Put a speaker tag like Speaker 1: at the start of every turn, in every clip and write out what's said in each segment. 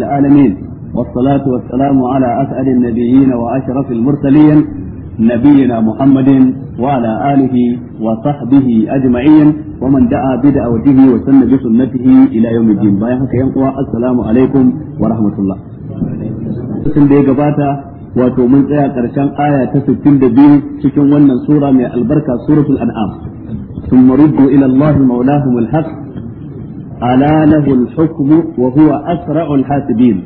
Speaker 1: العالمين والصلاة والسلام على أسعد النبيين وأشرف المرسلين نبينا محمد وعلى آله وصحبه أجمعين ومن دعا بدعوته وسن بسنته إلى يوم الدين بايحك ينقوى السلام عليكم ورحمة الله sun da ya gabata wato mun tsaya karshen aya ta 62 cikin wannan sura mai albarka suratul an'am ثم ردوا إلى الله مولاهم الحق ألا له الحكم وهو أسرع الحاسبين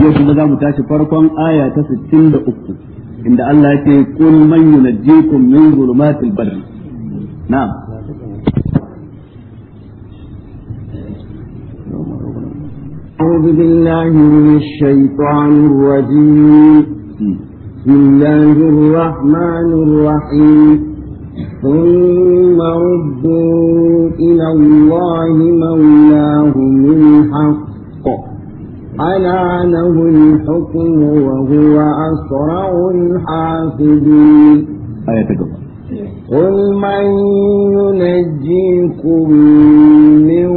Speaker 1: يوم ذا متاشي فرقم آية تستين لأكتب عند الله يقول من ينجيكم من ظلمات البر نعم
Speaker 2: أعوذ بالله من الشيطان الرجيم بسم الله الرحمن الرحيم ثم ردوا إلى الله مولاهم الحق ألا له الحكم وهو أسرع الحاسبين آية قل من ينجيكم من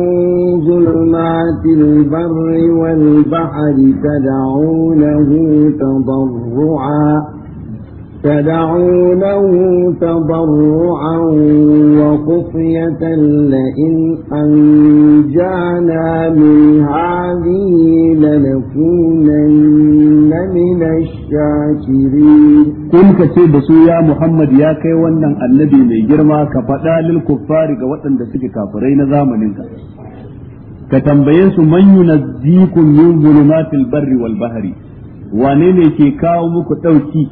Speaker 2: ظلمات البر والبحر تدعونه تضرعا تدعونه تضرعا وخفية لئن أنجانا من هذه
Speaker 1: لنكونن من الشاكرين kun ka ce da su ya Muhammad ya kai wannan annabi mai girma ka faɗa lil kuffari ga waɗanda suke kafurai na zamaninka ka tambaye su man yunazzikum min zulumatil barri wal bahri wane ke kawo muku ɗauki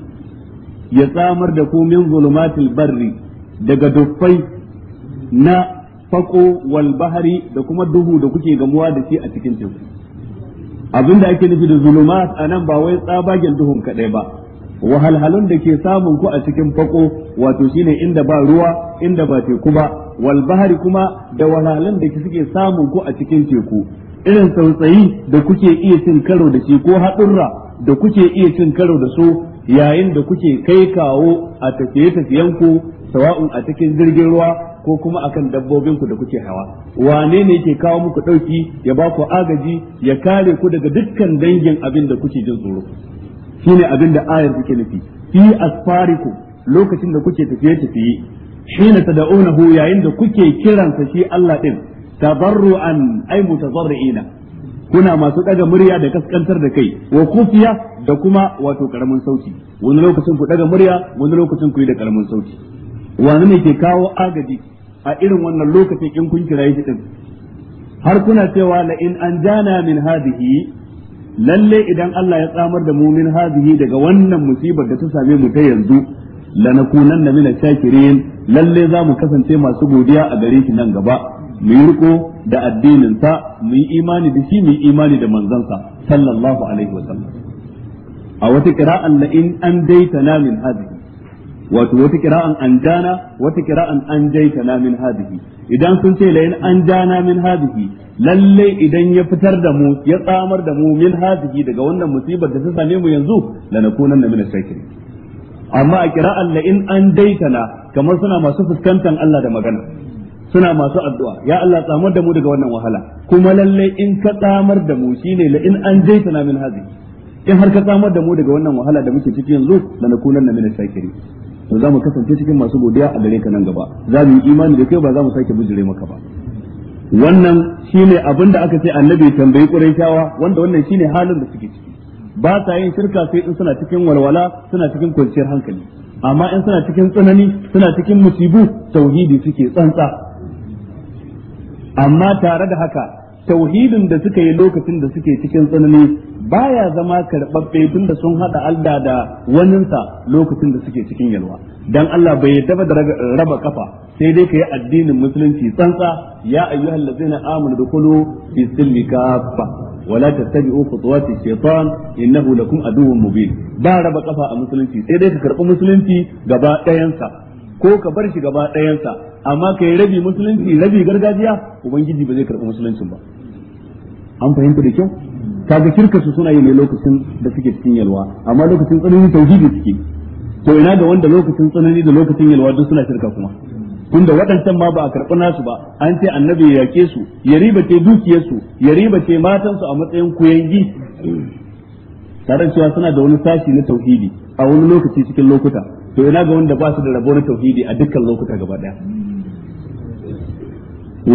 Speaker 1: ya samar da ku min zulumatil barri daga duffai na fako wal bahari da kuma duhu da kuke gamuwa da shi a cikin teku abinda ake nufi da zulumat nan ba wai tsabagen duhun kaɗai ba wahalhalun da ke samun ku a cikin fako wato shine inda ba ruwa inda ba teku ba wal bahari kuma da wahalhalun da suke samun ku a cikin teku irin sautsayi da kuke iya cin karo da shi ko haɗurra da kuke iya cin karo da su yayin da kuke kai kawo a tafiye tafiyen ku sawa'un a cikin jirgin ruwa ko kuma akan dabbobin ku da kuke hawa wane ne yake kawo muku dauki ya ba ku agaji ya kare ku daga dukkan dangin abin da kuke jin tsoro shine abin da ayar take nufi fi asfariku lokacin da kuke tafiye tafiye shine tada'unahu yayin da kuke kiransa shi Allah din tabarru'an ay mutazarri'ina kuna masu daga murya da kaskantar da kai wa kufiya da kuma wato karamin sauti wani lokacin ku daga murya wani lokacin ku yi da karamin sauti wani ne ke kawo agaji a irin wannan lokacin in kun kira shi din har kuna cewa la in anjana min hadhihi lalle idan Allah ya tsamar da mu min hadhihi daga wannan musibar da ta same mu ta yanzu lanakunanna min shakirin lalle za mu kasance masu godiya a gare shi nan gaba mu yi riko da addininsa sa mu yi imani da shi mu yi imani da manzansa sallallahu alaihi wasallam a wata qira'an la in an daitana min hadhihi wato wata qira'an an dana wata qira'an an daitana min hadhihi idan sun ce la in an dana min hadhihi lalle idan ya fitar da mu ya tsamar da mu min hadhihi daga wannan musibar da ta same mu yanzu lanakunanna min ash-shakirin amma a qira'an la in an daita na kamar suna masu fuskantar Allah da magana suna masu addu'a ya Allah tsamar da mu daga wannan wahala kuma lalle in ka tsamar da mu shine la in an na min hazi in har ka tsamar da mu daga wannan wahala da muke ciki yanzu la nakunanna min shakiri to za mu kasance cikin masu godiya a gare ka nan gaba za mu yi imani da kai ba za mu sake bijire maka ba wannan shine abin da aka ce annabi tambayi quraishawa wanda wannan shine halin da suke ciki ba sa yin shirka sai in suna cikin walwala suna cikin kwanciyar hankali amma in suna cikin tsanani suna cikin musibu tauhidi suke tsantsa amma tare da haka tauhidin da suka yi lokacin da suke cikin tsanani baya zama karɓaɓɓe tun da sun haɗa Allah da waninsa lokacin da suke cikin yalwa dan Allah bai yarda da raba kafa sai dai ka yi addinin musulunci tsantsa ya ayyuhal ladzina amanu dukulu fi silmi kaffa ولا تتبعوا خطوات الشيطان انه لكم عدو مبين ba raba kafa a musulunci sai dai ka karɓi musulunci gaba ɗayansa ko ka bar shi gaba ɗayansa amma ka yi rabi musulunci rabi gargajiya ubangiji ba zai karɓi musuluncin ba an fahimta da kyau kaga kirka su suna yi ne lokacin da suke cikin yalwa amma lokacin tsanani tauhidi suke to ina da wanda lokacin tsanani da lokacin yalwa duk suna shirka kuma tunda waɗancan ma ba a karɓi nasu ba an ce annabi ya yake su ya ce dukiyarsu ya ce matansu a matsayin kuyangi tare cewa suna da wani sashi na tauhidi a wani lokaci cikin lokuta to ina ga wanda ba su da rabo na tauhidi a dukkan lokuta gaba daya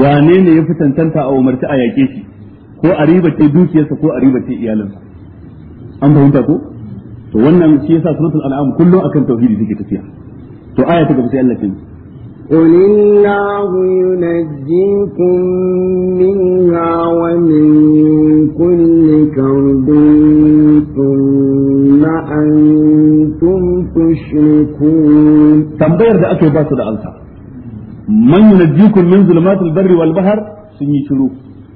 Speaker 1: wane ne ya fi tantanta a umarci a yaƙe shi ko a riba ce dukiyarsa ko a riba ce iyalinsa an fahimta ko to wannan shi yasa suratul an'am kullum akan tauhidi take tafiya to aya ta gaba sai Allah ta
Speaker 2: قل الله ينجيكم منها ومن كل كرب
Speaker 1: تشركون تنبير ده أكي باسو ده أنت من ينجيكم من ظلمات البر والبحر سني شروع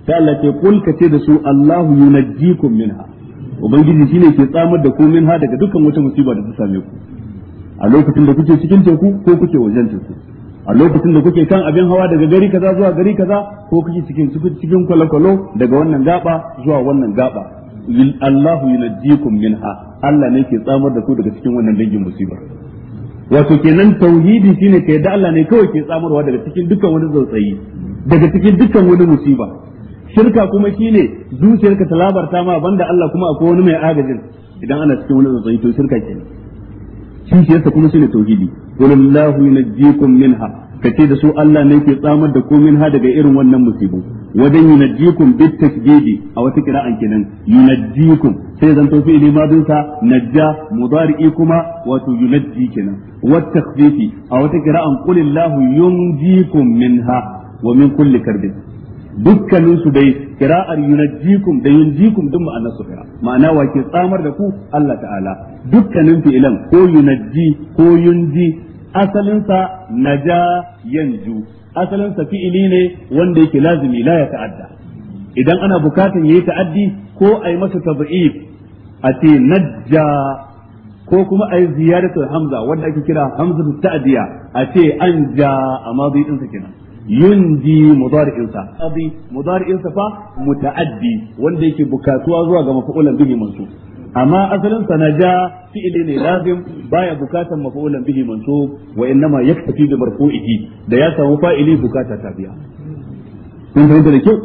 Speaker 1: تعالى تقول كتير سوء الله ينجيكم منها ubangiji shine ke tsamar da ku min ha daga dukkan wata musiba da ta same ku a lokacin da kuke cikin teku ko kuke wajen teku a lokacin da kuke kan abin hawa daga gari kaza zuwa gari kaza ko kuke cikin cikin kwalokwalo daga wannan gaba zuwa wannan gaba Allahu yunajjikum minha Allah ne ke tsamar da ku daga cikin wannan dangin musibar wato kenan tauhidi shine kai da Allah ne kawai ke tsamarwa daga cikin dukkan wani tsautsayi daga cikin dukkan wani musiba shirka kuma shine zuciyarka ta labarta ma banda Allah kuma akwai wani mai agajin idan ana cikin wani tsautsayi to shirka kenan kishiyarsa kuma shine tauhidi wallahu yunajjikum minha kace da su Allah ne ke tsamar da ku minha daga irin wannan musibu wajen yunajjikum bit tasdidi a wata kira'an kenan yunajjikum sai zan to fi'ili madin sa najja mudari'i kuma wato yunajji kenan wat takhfifi a wata kira'an qul illahu yunjikum minha wa min kulli karbin dukkanin su dai kira'ar yunajjikum da yunjikum din ma'anar su kira ma'ana wa ke tsamar da ku Allah ta'ala dukkanin fi'ilan ko yunajji ko yunji asalinsa naja yanju asalin sa fi'ili ne wanda yake lazimi la ya ta'adda idan ana bukatan yayi ta'addi ko ai masa tad'if a ce najja ko kuma ai ziyaratul hamza wanda ake kira hamzatul ta'diya a ce anja amma zai din sa kenan yunji mudari'insa qadi mudari'insa fa muta'addi wanda yake bukatuwa zuwa ga mafu'ulan bihi mansub amma asalin sa naja ne lazim baya bukatan mafu'ulan bihi mansub wa innama yaktafi bi marfu'ihi da ya samu fa'ili bukata ta biya kun fahimta da kyau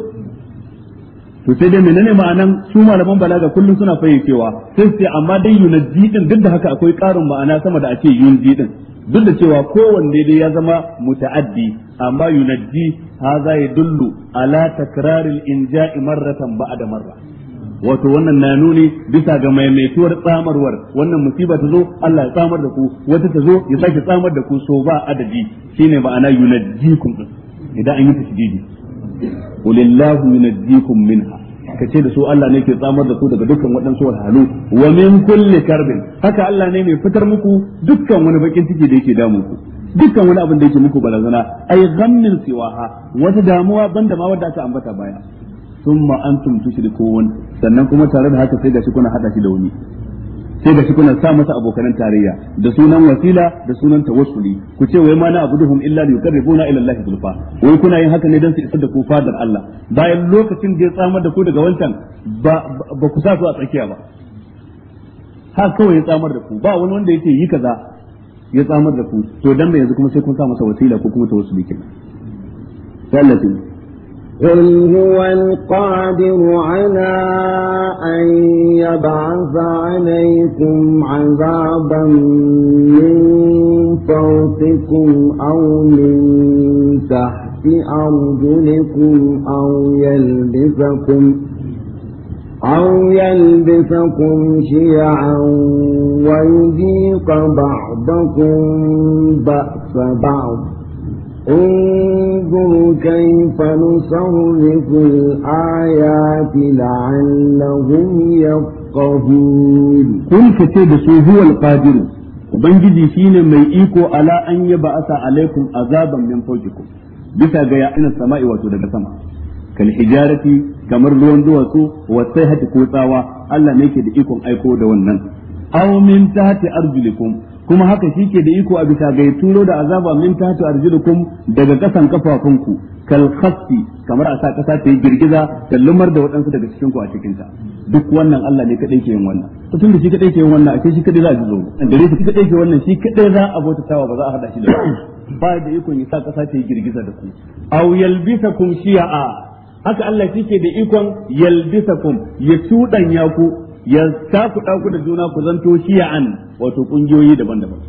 Speaker 1: to sai dai menene ma'anan su malaman balaga kullum suna fayyacewa sai sai amma dai yunji din duk da haka akwai karin ma'ana sama da ake yunji din duk da cewa kowanne dai ya zama muta'addi amma yunajji haza ya dullu ala takraril inja'i marratan ba'da marra wato wannan na nuni bisa ga maimaituwar tsamarwar wannan musiba ta zo Allah ya tsamar da ku wata ta zo ya sake tsamar da ku so ba adadi shine ma'ana yunajjikum idan an yi tasdidi qulillahu yunajjikum minha ka ce da su Allah ne ke tsamar da su daga dukkan waɗansu wahalhalu wa min kulli karbin haka Allah ne mai fitar muku dukkan wani bakin ciki da yake damu ku dukkan wani abin da yake muku barazana ay ghammin siwaha wata damuwa banda ma wadda aka ambata baya summa antum tushrikun sannan kuma tare da haka sai gashi kuna hada shi da wani sai ga kuna sa masa abokanan tarayya da sunan wasila da sunan tawassuli ku ce wai ma na abuduhum illa yuqarribuna ila Allah zulfa wai kuna yin haka ne dan su isar da ku fadar Allah bayan lokacin da ya tsamar da ku daga wancan ba ku sa su a tsakiya ba Ha kawai ya tsamar da ku ba wani wanda yake yi kaza ya tsamar da ku to dan bai yanzu kuma sai kun sa masa wasila ko kuma tawassuli kenan sai Allah
Speaker 2: قل هو القادر على أن يبعث عليكم عذابا من فوقكم أو من تحت أرجلكم أو يلبسكم أو يلبسكم شيعا ويذيق بعضكم بأس بعض انظر كيف نصرف الآيات لعلهم
Speaker 1: يفقهون قل كتب هو القادر Ubangiji shine mai iko ala an yi ba'asa alaikum azaban min fawqikum bisa ga ya'inan sama'i wato daga sama kal hijarati kamar ruwan duwatsu wa sai ko tsawa Allah ne yake da ikon aiko da wannan aw min tahti arjulikum kuma haka shi ke da iko a bisa ga turo da azaba min tahtu arjulukum daga kasan kafafunku kal khaffi kamar a sa kasa ta yi girgiza da lumar da waɗansu daga cikin ku a cikin ta duk wannan Allah ne kadai ke yin wannan to tun da shi kadai ke yin wannan ashe shi kadai za a ji zo gare shi kadai ke wannan shi kadai za a bauta tawa ba za a hada shi da ba da iko ya sa kasa ta yi girgiza da ku aw yalbisakum shi'a haka Allah shi ke da ikon yalbisakum ya ya ku ya takuɗa ku da juna ku zanto shi'an wato ƙungiyoyi daban-daban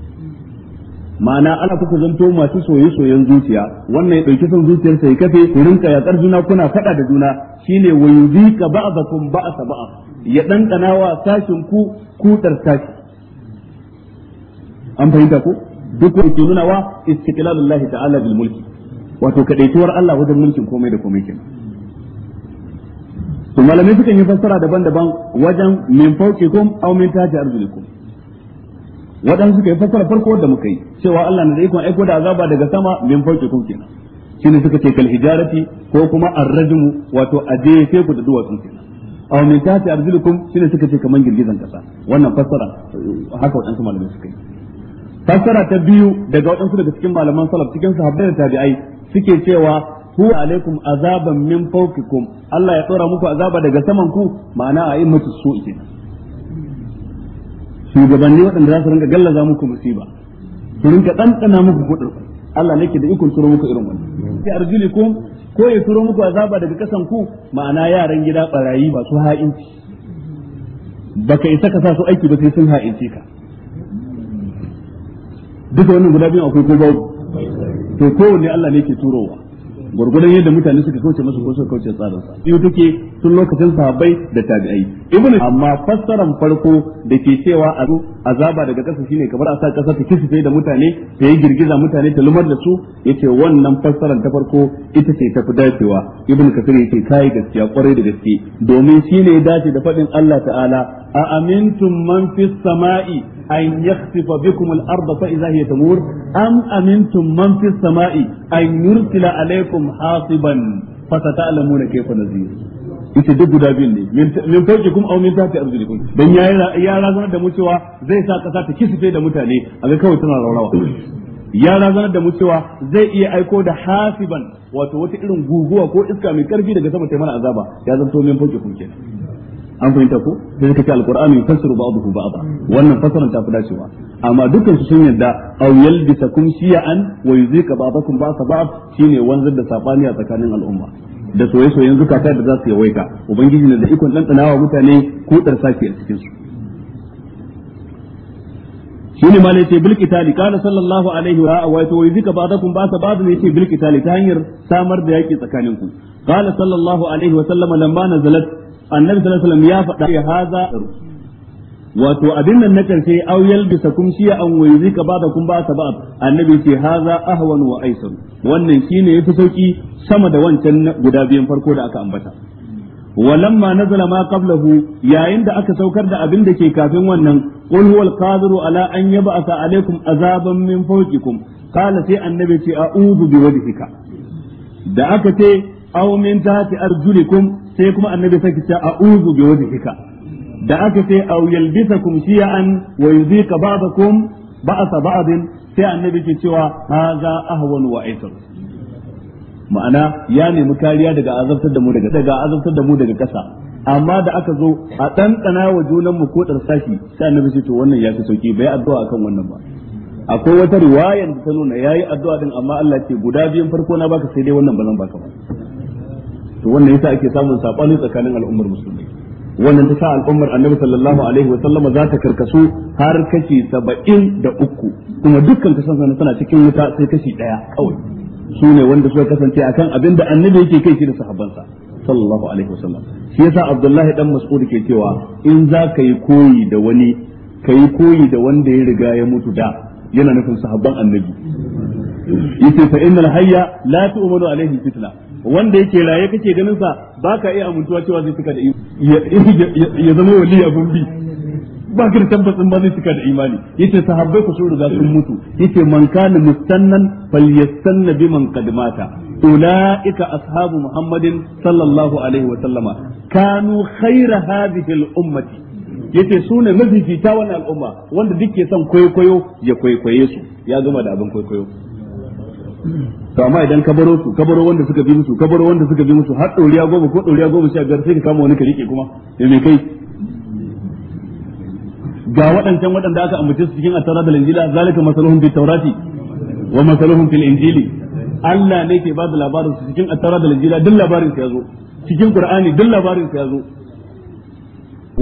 Speaker 1: ma'ana ana kuka zanto masu soye-soyen zuciya wannan ya ɗauki son zuciyar ya kafe ku rinka yaƙar juna kuna faɗa da juna shine wa yuzika ba'dakum ba'sa ba'd ya ɗanɗana wa sashin ku kutar sashi an fahimta ko duk wani ke nuna wa istiqlalullahi ta'ala bil mulki wato kadaituwar Allah wajen mulkin komai da komai kenan to malamai sukan yi fassara daban-daban wajen min fawqikum aw min tahti arjulikum wadan suka yi fassara farko da muka yi cewa Allah na da ikon aiko da azaba daga sama min fawqikum kenan shine suka ce kal hijarati ko kuma arrajmu wato aje sai ku da duwatsun kenan aw min tahti arjulikum shine suka ce kaman girgizan kasa wannan fassara haka su malamai suka yi fassara ta biyu daga wadansu daga cikin malaman salaf cikin sahabbai da tabi'ai suke cewa huwa alaikum azaban min fawqikum Allah ya tsora muku azaba daga saman ku ma'ana a immatu su'i kenan shugabanni waɗanda za su rinka gallaza muku musiba su rinka ɗanɗana muku kuɗin Allah ne ke da ikon turo muku irin wannan sai arjulikum ko ya turo muku azaba daga kasan ku ma'ana yaran gida barayi su ha'inci baka isa ka sa su aiki ba sai sun ha'inci ka duka wannan guda biyu akwai ko babu to kowanne Allah ne ke turowa gurgurdan yadda mutane suka kauce masa ko suka kauce tsarinsa. sa biyu take tun lokacin sahabbai da tabi'ai ibnu amma fassaran farko da ke cewa azaba daga ƙasa shine kamar a sa ƙasa ta kisife da mutane ta yi girgiza mutane ta lumar da su yace wannan fassaran ta farko ita ce ta fi dacewa ibnu kasir yake kai gaskiya kwarai da gaske domin shine ya dace da faɗin Allah ta'ala a amintum man fis sama'i an yakhsifa bikum al-ardha fa idha hiya tamur am amintum man fis sama'i an yursila alaykum hasiban fa sata'lamuna kayfa nadhir ita duk guda biyun ne min fauki kuma au min tahti arjulikum dan ya ya razanar da mu cewa zai sa kasa ta kisife da mutane a ga kawai tana raurawa ya razanar da mu cewa zai iya aiko da hasiban wato wata irin guguwa ko iska mai karfi daga sama ta mana azaba ya zanto min fauki kuma kenan an fahimta ko da suka ce alqur'ani yufassiru ba'dahu ba'dha wannan fasaran ta fi dacewa amma dukkan su sun yadda aw yalbisakum shi'an wa yuzika ba'dakum ba'dha shine wanzar da sabani a tsakanin al'umma da soye-soyen zukata da za su yawaita ubangiji na da ikon ɗanɗanawa mutane kudar sake a cikinsu. su shine ma yace bil qitali kana sallallahu alaihi wa wa to yuzika ba'dakum ba'sa ba'd ne yace bil qitali ta hanyar samar da yaki tsakanin ku kana sallallahu alaihi wa sallama lamma nazalat annabi sallallahu alaihi wa sallam ya faɗa hadha wato abin nan na karshe aw yalbisa kum shi'a an wa kun ba ta ba'd annabi ce haza ahwan wa aisar wannan shine yafi sauki sama da wancan guda biyan farko da aka ambata ولما na ما قبله yayin da aka saukar da abin da ke kafin wannan qul huwal qadiru ala an yab'atha alaykum azaban min fawqikum qala sai annabi ce a'udhu bi wajhika da aka ce aw min tahti arjulikum sai kuma annabi sai ce a'udhu bi wajhika da aka ce aw yalbisakum shi'an wa yuzika ba'dakum ba'sa ba'din sai annabi ke cewa haza ahwan wa aitar ma'ana ya nemi kariya daga azabtar da mu daga daga azabtar da mu daga kasa amma da aka zo a ɗanɗana wa junan mu ko sashi sai annabi ce to wannan ya fi sauki bai addu'a akan wannan ba akwai wata riwaya da ta nuna yayi addu'a din amma Allah ce guda biyun farko na baka sai dai wannan ba zan baka ba to wannan yasa ake samun sabani tsakanin al'ummar musulmai wannan ta sa al'ummar annabi sallallahu alaihi wa za ta karkasu har kashi saba'in da uku kuma dukkan kasan sana tana cikin wuta sai kashi ɗaya kawai su ne wanda suka kasance akan abin da annabi yake kai shi da sahabbansa sallallahu alaihi wa sallam shi yasa abdullahi dan mas'ud ke cewa in za ka yi koyi da wani ka yi koyi da wanda ya riga ya mutu da yana nufin sahabban annabi yace fa innal hayya la tu'minu alaihi fitna wanda yake raye kake ganin sa baka iya amintuwa cewa zai tuka da imani ya zama wali abun bi ba ka da tabbacin ba zai tuka da imani yace sahabbai ku shuru da sun mutu yace man kana mustannan falyastanna biman qad mata ulaika ashabu muhammadin sallallahu alaihi wa sallama kanu khayra hadhihi al ummati yace su ne mafifita wannan al'umma wanda duk ke son kwaikwayo ya kwaikwaye su ya gama da abin kwaikwayo to amma idan ka baro su ka baro wanda suka bi musu ka baro wanda suka bi musu har dauriya goma ko dauriya goma sha biyar sai ka kama wani ka rike kuma da me kai ga waɗancan waɗanda aka ambace su cikin attara da linjila zalika masaluhum bi tawrati wa masaluhum fil injili Allah ne ke ba da labarin su cikin attara da linjila duk labarin su yazo cikin qur'ani duk labarin su yazo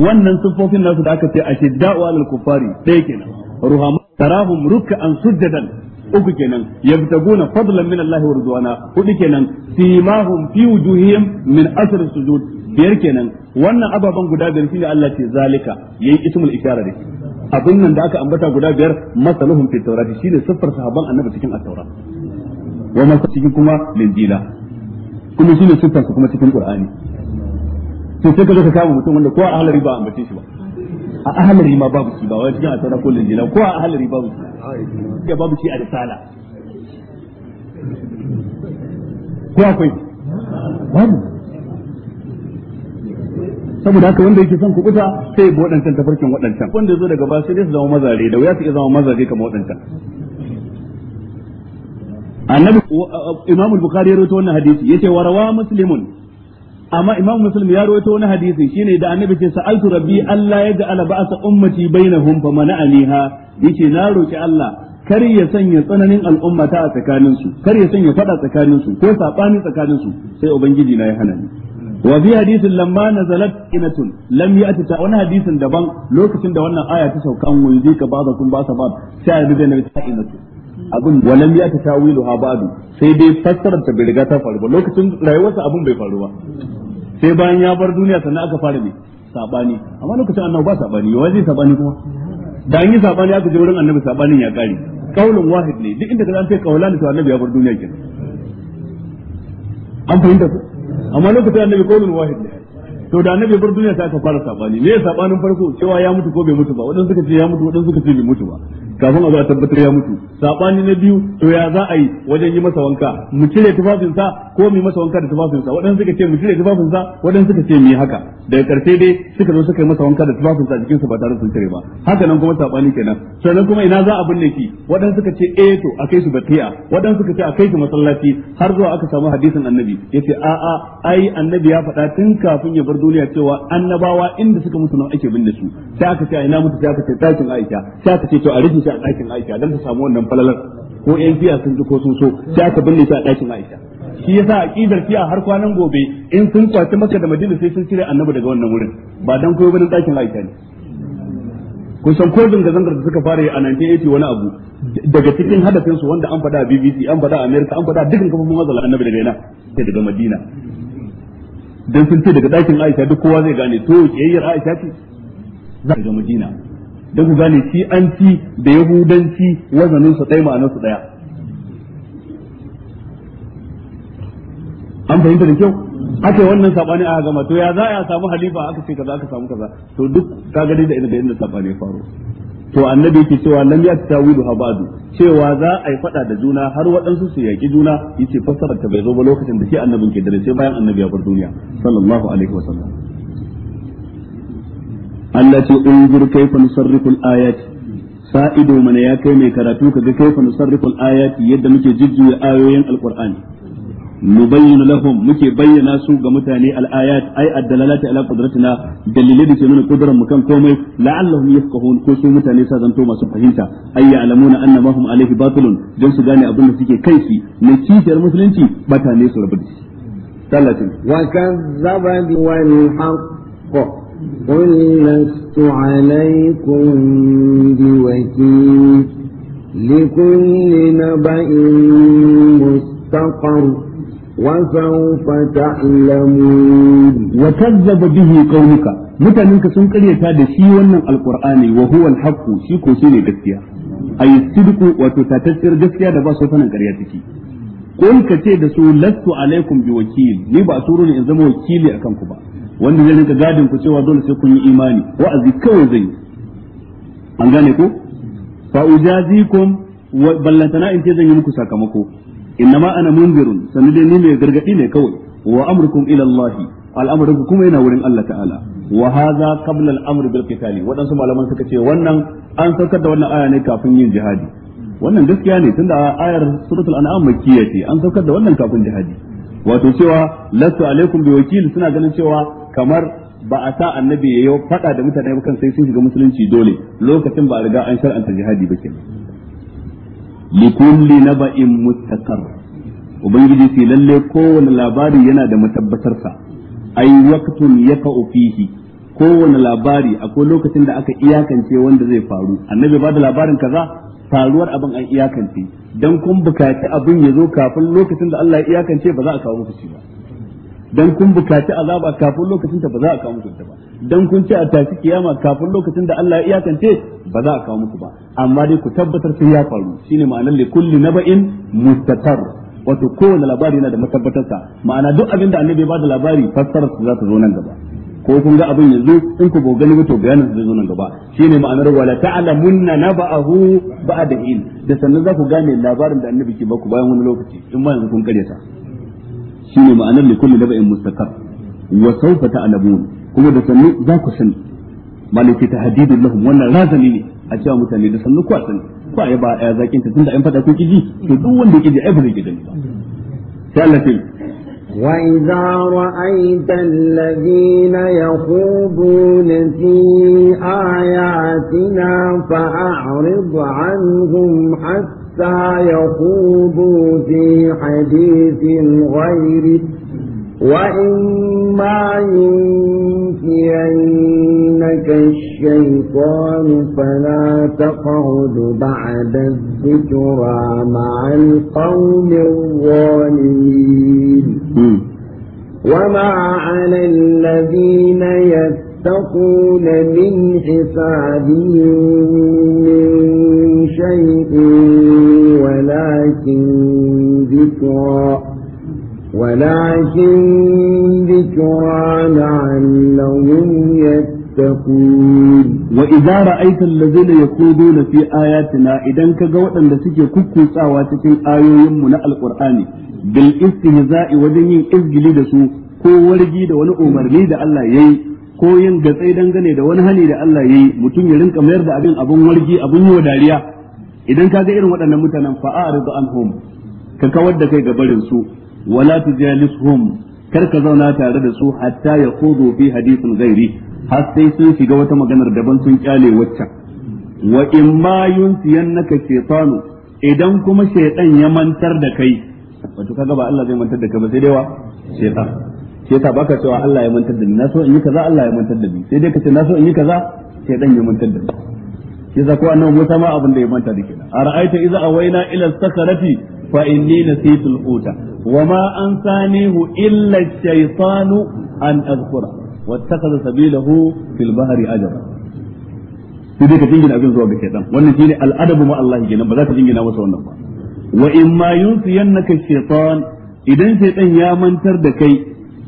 Speaker 1: wannan sufofin nasu da aka ce ashidda'u alal kuffari sai kenan ruhama tarahum ruk'an sujjadan uku kenan yabtaguna fadlan min Allah wa ridwana hudu kenan simahum fi wujuhihim min asr sujud biyar kenan wannan ababan guda biyar shine Allah ce zalika yayi ismul ishara da abin nan da aka ambata guda biyar masaluhum fi tawrati shine siffar sahabban annabi cikin at-taura wa masal cikin kuma linjila kuma shine siffar kuma cikin qur'ani to sai ka zo ka kama mutum wanda ko a halari ba a ambace shi ba a ahalari ma babu shi ba wai cikin asara ko linjila ko a ahalari babu shi ya babu shi a risala ko akwai babu saboda haka wanda yake son kubuta sai bi waɗancan tafarkin waɗancan wanda ya zo daga ba sai dai su zama mazare da wuya su iya zama mazare kamar waɗancan annabi imamul bukhari ya rawaito wannan hadisi yace wa rawa muslimun amma imam muslim ya rawaito wani hadisi shine da annabi ce sa'altu rabbi Allah ya ja'ala ba'sa ummati bainahum fa mana'aniha yace na roki Allah kar ya sanya tsananin al'ummata a tsakanin su kar ya sanya fada tsakanin su ko sabani tsakanin su sai ubangiji na ya hana ni wa bi hadisin lamma nazalat inatun lam ya'ti ta wani hadisin daban lokacin da wannan aya ta sauka an wuyi ka ba za kun ba sa ba sai annabi ta inatun abin walam ya ta tawilu ha babu sai dai fassarar ta bai riga ta faru ba lokacin rayuwarsa abin bai faru ba sai bayan ya bar duniya sannan aka fara ne sabani amma lokacin annabi ba sabani yawa zai sabani kuma da an yi sabani aka je wurin annabi sabanin ya kare kaulun wahid ne duk inda ka zanta kaulan da annabi ya bar duniya kenan an fahimta ku amma lokacin annabi kaulun wahid ne to da annabi bar duniya sai aka fara sabani me sabanin farko cewa ya mutu ko bai mutu ba wadansu suka ce ya mutu wadansu suka ce bai mutu ba kafin a zo a tabbatar ya mutu sabani na biyu to ya za a yi wajen yi masa wanka mu cire tufafinsa ko mu masa wanka da tufafinsa waɗansu suka ce mu cire tufafinsa waɗansu suka ce mu yi haka daga ƙarshe dai suka zo suka yi masa wanka da tufafinsa a jikinsa ba tare sun cire ba haka nan kuma sabani kenan sannan kuma ina za a binne ki waɗansu suka ce eh to a kai su batiya waɗansu suka ce a kai su masallaci har zuwa aka samu hadisin annabi yace a a ai annabi ya faɗa tun kafin ya bar duniya cewa annabawa inda suka mutu nan ake binne su sai aka ce ina mutu sai aka ce ɗakin Aisha sai aka ce to a rufe ta a ɗakin Aisha don ta samu wannan falalar ko ƴan fiya sun ji ko sun so sai aka binne su a ɗakin Aisha shi yasa aqidar fiya har kwanan gobe in sun kwace maka da Madina sai sun cire annabi daga wannan wurin ba dan koyo ba ɗakin Aisha ne Kun san ko zanga zangar da suka fara a 1980 wani abu daga cikin hadafinsu wanda an faɗa a BBC an faɗa a America an faɗa dukkan kafofin wazala annabi daga ina sai daga Madina dan sun ce daga dakin Aisha duk kowa zai gane to kiyayyar Aisha ce ga Madina da ku gane ci an ci da yahudanci wazanin su ɗaya ma'anar su ɗaya an fahimta da kyau ake wannan sabani a gama to ya za a samu halifa aka ce kaza aka samu kaza to duk ka gani da inda inda sabani faru to annabi yake cewa lam ya tawidu habadu cewa za a yi fada da juna har waɗansu su yaki juna yace fassarar ta bai zo ba lokacin da shi annabin ke dare sai bayan annabi ya bar duniya sallallahu alaihi wasallam Allah ce unzur sa ido mana ya kai mai karatu kaga kaifa nusarriful ayati yadda muke jujjuya ayoyin alqur'ani nubayyinu lahum muke bayyana su ga mutane al-ayat ay ad-dalalati ala qudratina dalilai da ke nuna kudurar mu kan komai la'allahum yafqahun ko mutane sa zanto masu fahimta ay ya'lamuna anna ma hum alayhi dan su gane abin suke kai shi ne musulunci bata
Speaker 2: وكذب والحق قل لست عليكم بوكيل لكل نبأ مستقر وسوف
Speaker 1: تعلمون وكذب به قومك mutanenka sun karyata da shi wannan Alƙur'ani wa huwa alhaqu shi ko ne gaskiya ay sidqu wato tatacciyar gaskiya da ba su fanan karya take ko ka ce da su lastu alaikum bi wakili, ni ba turo ne in zama wakili akan ku ba wanda zai rinka gadin ku cewa dole sai kun yi imani wa'azi kawai zai yi an gane ko fa ujazikum wa ballantana in ce zan yi muku sakamako innama ana munzirun sannan dai ni mai gargadi ne kawai wa amrukum ila Allah al'amarin kuma yana wurin Allah ta'ala wa hadha qabla al-amr bil qitali wadansu malaman suka ce wannan an saukar da wannan aya ne kafin yin jihadi wannan gaskiya ne tunda ayar suratul an'am makkiya ce an saukar da wannan kafin jihadi wato cewa lasu alaikum bi wakil suna ganin cewa kamar ba a sa annabi ya yi faɗa da mutane ba kan sai sun shiga musulunci dole lokacin ba a riga an shar'anta jihadi ba kenan likulli naba'in mustaqar ubangiji sai lalle kowane labari yana da sa ai waqtun yaqa'u fihi kowane labari akwai lokacin da aka iyakance wanda zai faru annabi ba da labarin kaza faruwar abin an iyakance dan kun bukaci abin ya zo kafin lokacin da Allah ya iyakance ba za a kawo muku ci ba dan kun bukaci azaba kafin lokacin da ba za a kawo muku ba dan kun ci a tashi kiyama kafin lokacin da Allah ya iyakance ba za a kawo muku ba amma dai ku tabbatar sun ya faru shine ma'anar li kulli naba'in mustatar wato kowane labari yana da matabbatarsa ma'ana duk abin da annabi ya bada labari fassarar za ta zo nan gaba ko kun ga abin yanzu in ku gani ba to bayanin zai zo nan gaba shine ma'anar wala ta'lamunna naba'ahu ba'da in da sannan za ku gane labarin da annabi ke baku bayan wani lokaci in ma yanzu kun karyata shine ma'anar likulli naba'in mustaqar wa sawfa ta'lamun kuma da sannan za ku sani malaki tahdidul lahum wannan razali ne a cewa mutane da sannu a sani kwa ya ba ya zakin ta tunda an fada ko kiji to duk wanda kiji ai ba zai gidan ba sai Allah
Speaker 2: وإذا رأيت الذين يخوضون في آياتنا فأعرض عنهم حتى يخوضوا في حديث غيره وإما ينفينك الشيطان فلا تقعد بعد الذكرى مع القوم الظالمين وما على الذين يتقون من حسابهم من شيء ولكن ذكرى ولكن ذكرى لعلهم يتقون
Speaker 1: وإذا رأيت الذين يخوضون في آياتنا إذا كجوة لسكي كوكو ساوى تكين آيوين من القرآن بالاستهزاء وجنين إذ دسو ko wargi da wani umarni da Allah ya yi ko yin gatsai dangane da wani hali da Allah ya yi mutum ya rinka mayar da abin abin wargi abin yi wa dariya idan ka ga irin waɗannan mutanen fa'a an home ka kawar da kai ga barin su wala tujalisuhum kar ka zauna tare da su hatta ya fi hadisin gairi har sai sun shiga wata maganar daban sun kyale waccan wa in ma yunsiyannaka shaytanu idan kuma shaytan ya mantar da kai wato kaga ba Allah zai mantar da kai ba sai dai wa shaytan shaytan baka cewa Allah ya mantar da ni na so in yi kaza Allah ya mantar da ni sai dai ka na in yi kaza ya mantar da ni ko Musa ma abin da ya manta da ila fa inni nasitu al-huta wa ma ansanihu illa ash-shaytanu an azkura wattakhadha sabilahu fil bahri ajra sai dai ka jingina abin zuwa ga shaytan wannan shine al-adabu ma Allah nan, ba za ka jingina masa wannan ba wa in ma yunsu ash-shaytan idan shaytan ya mantar da kai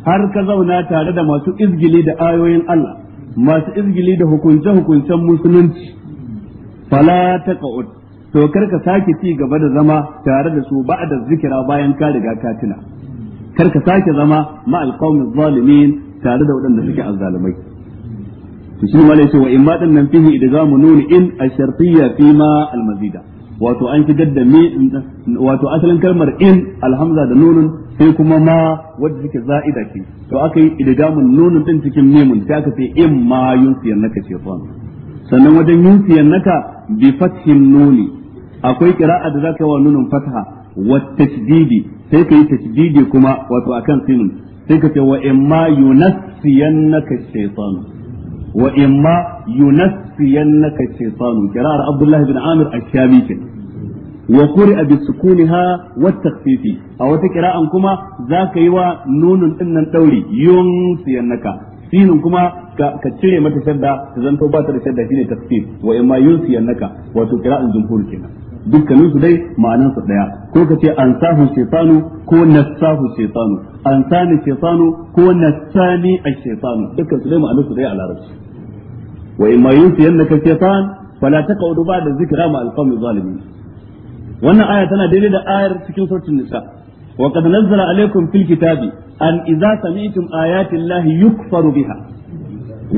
Speaker 1: har ka zauna tare da masu izgili da ayoyin Allah masu izgili da hukunce-hukuncen musulunci fala ta taqa'ud to karka sake ci gaba da zama tare da su ba da zikira bayan ka riga ka tuna kar ka sake zama ma alqawmi zalimin tare da waɗanda suke azzalumai to shi ma yace wa imma dan nan fihi idgamu nun in ashartiyya fi ma almazida wato an shigar da mi wato asalin kalmar in alhamza da nunun sai kuma ma wanda suke za'ida ce to aka yi idgamun nunun din cikin mimun sai aka ce in ma yunsiyan naka shaytan sannan wajen yunsiyan naka bi fathin nuni akwai kira'a da zaka yi wa nunun fataha wa tasdidi sai ka yi tasdidi kuma wato akan sinin sai ka ce wa imma yunassiyannaka shaytan wa imma yunassiyannaka shaytan qira'ar Abdullah ibn Amir ash-Shabi wa qira'a bi sukuniha wa takhfifi a wata qira'an kuma zaka yi wa nunun dinnan dauri yunsiyannaka sinin kuma ka cire mata shadda ta zanto ba ta da shadda shine tafsir wa imma yunsiyannaka wato qira'an jumhur kenan dukkanin su dai ma'anan su daya ko kace sahu shaytanu ko nasahu shaytanu sani shaytanu ko nasani ash-shaytanu dukkan su dai ma'anan su daya a larabci wa imma yusiyannaka shaytan fala taqudu ba'da dhikra ma al-qawmi zalimin wannan aya tana daidai da ayar cikin suratul nisa وقد نزل عليكم في الكتاب أن إذا سمعتم آيات الله يكفر بها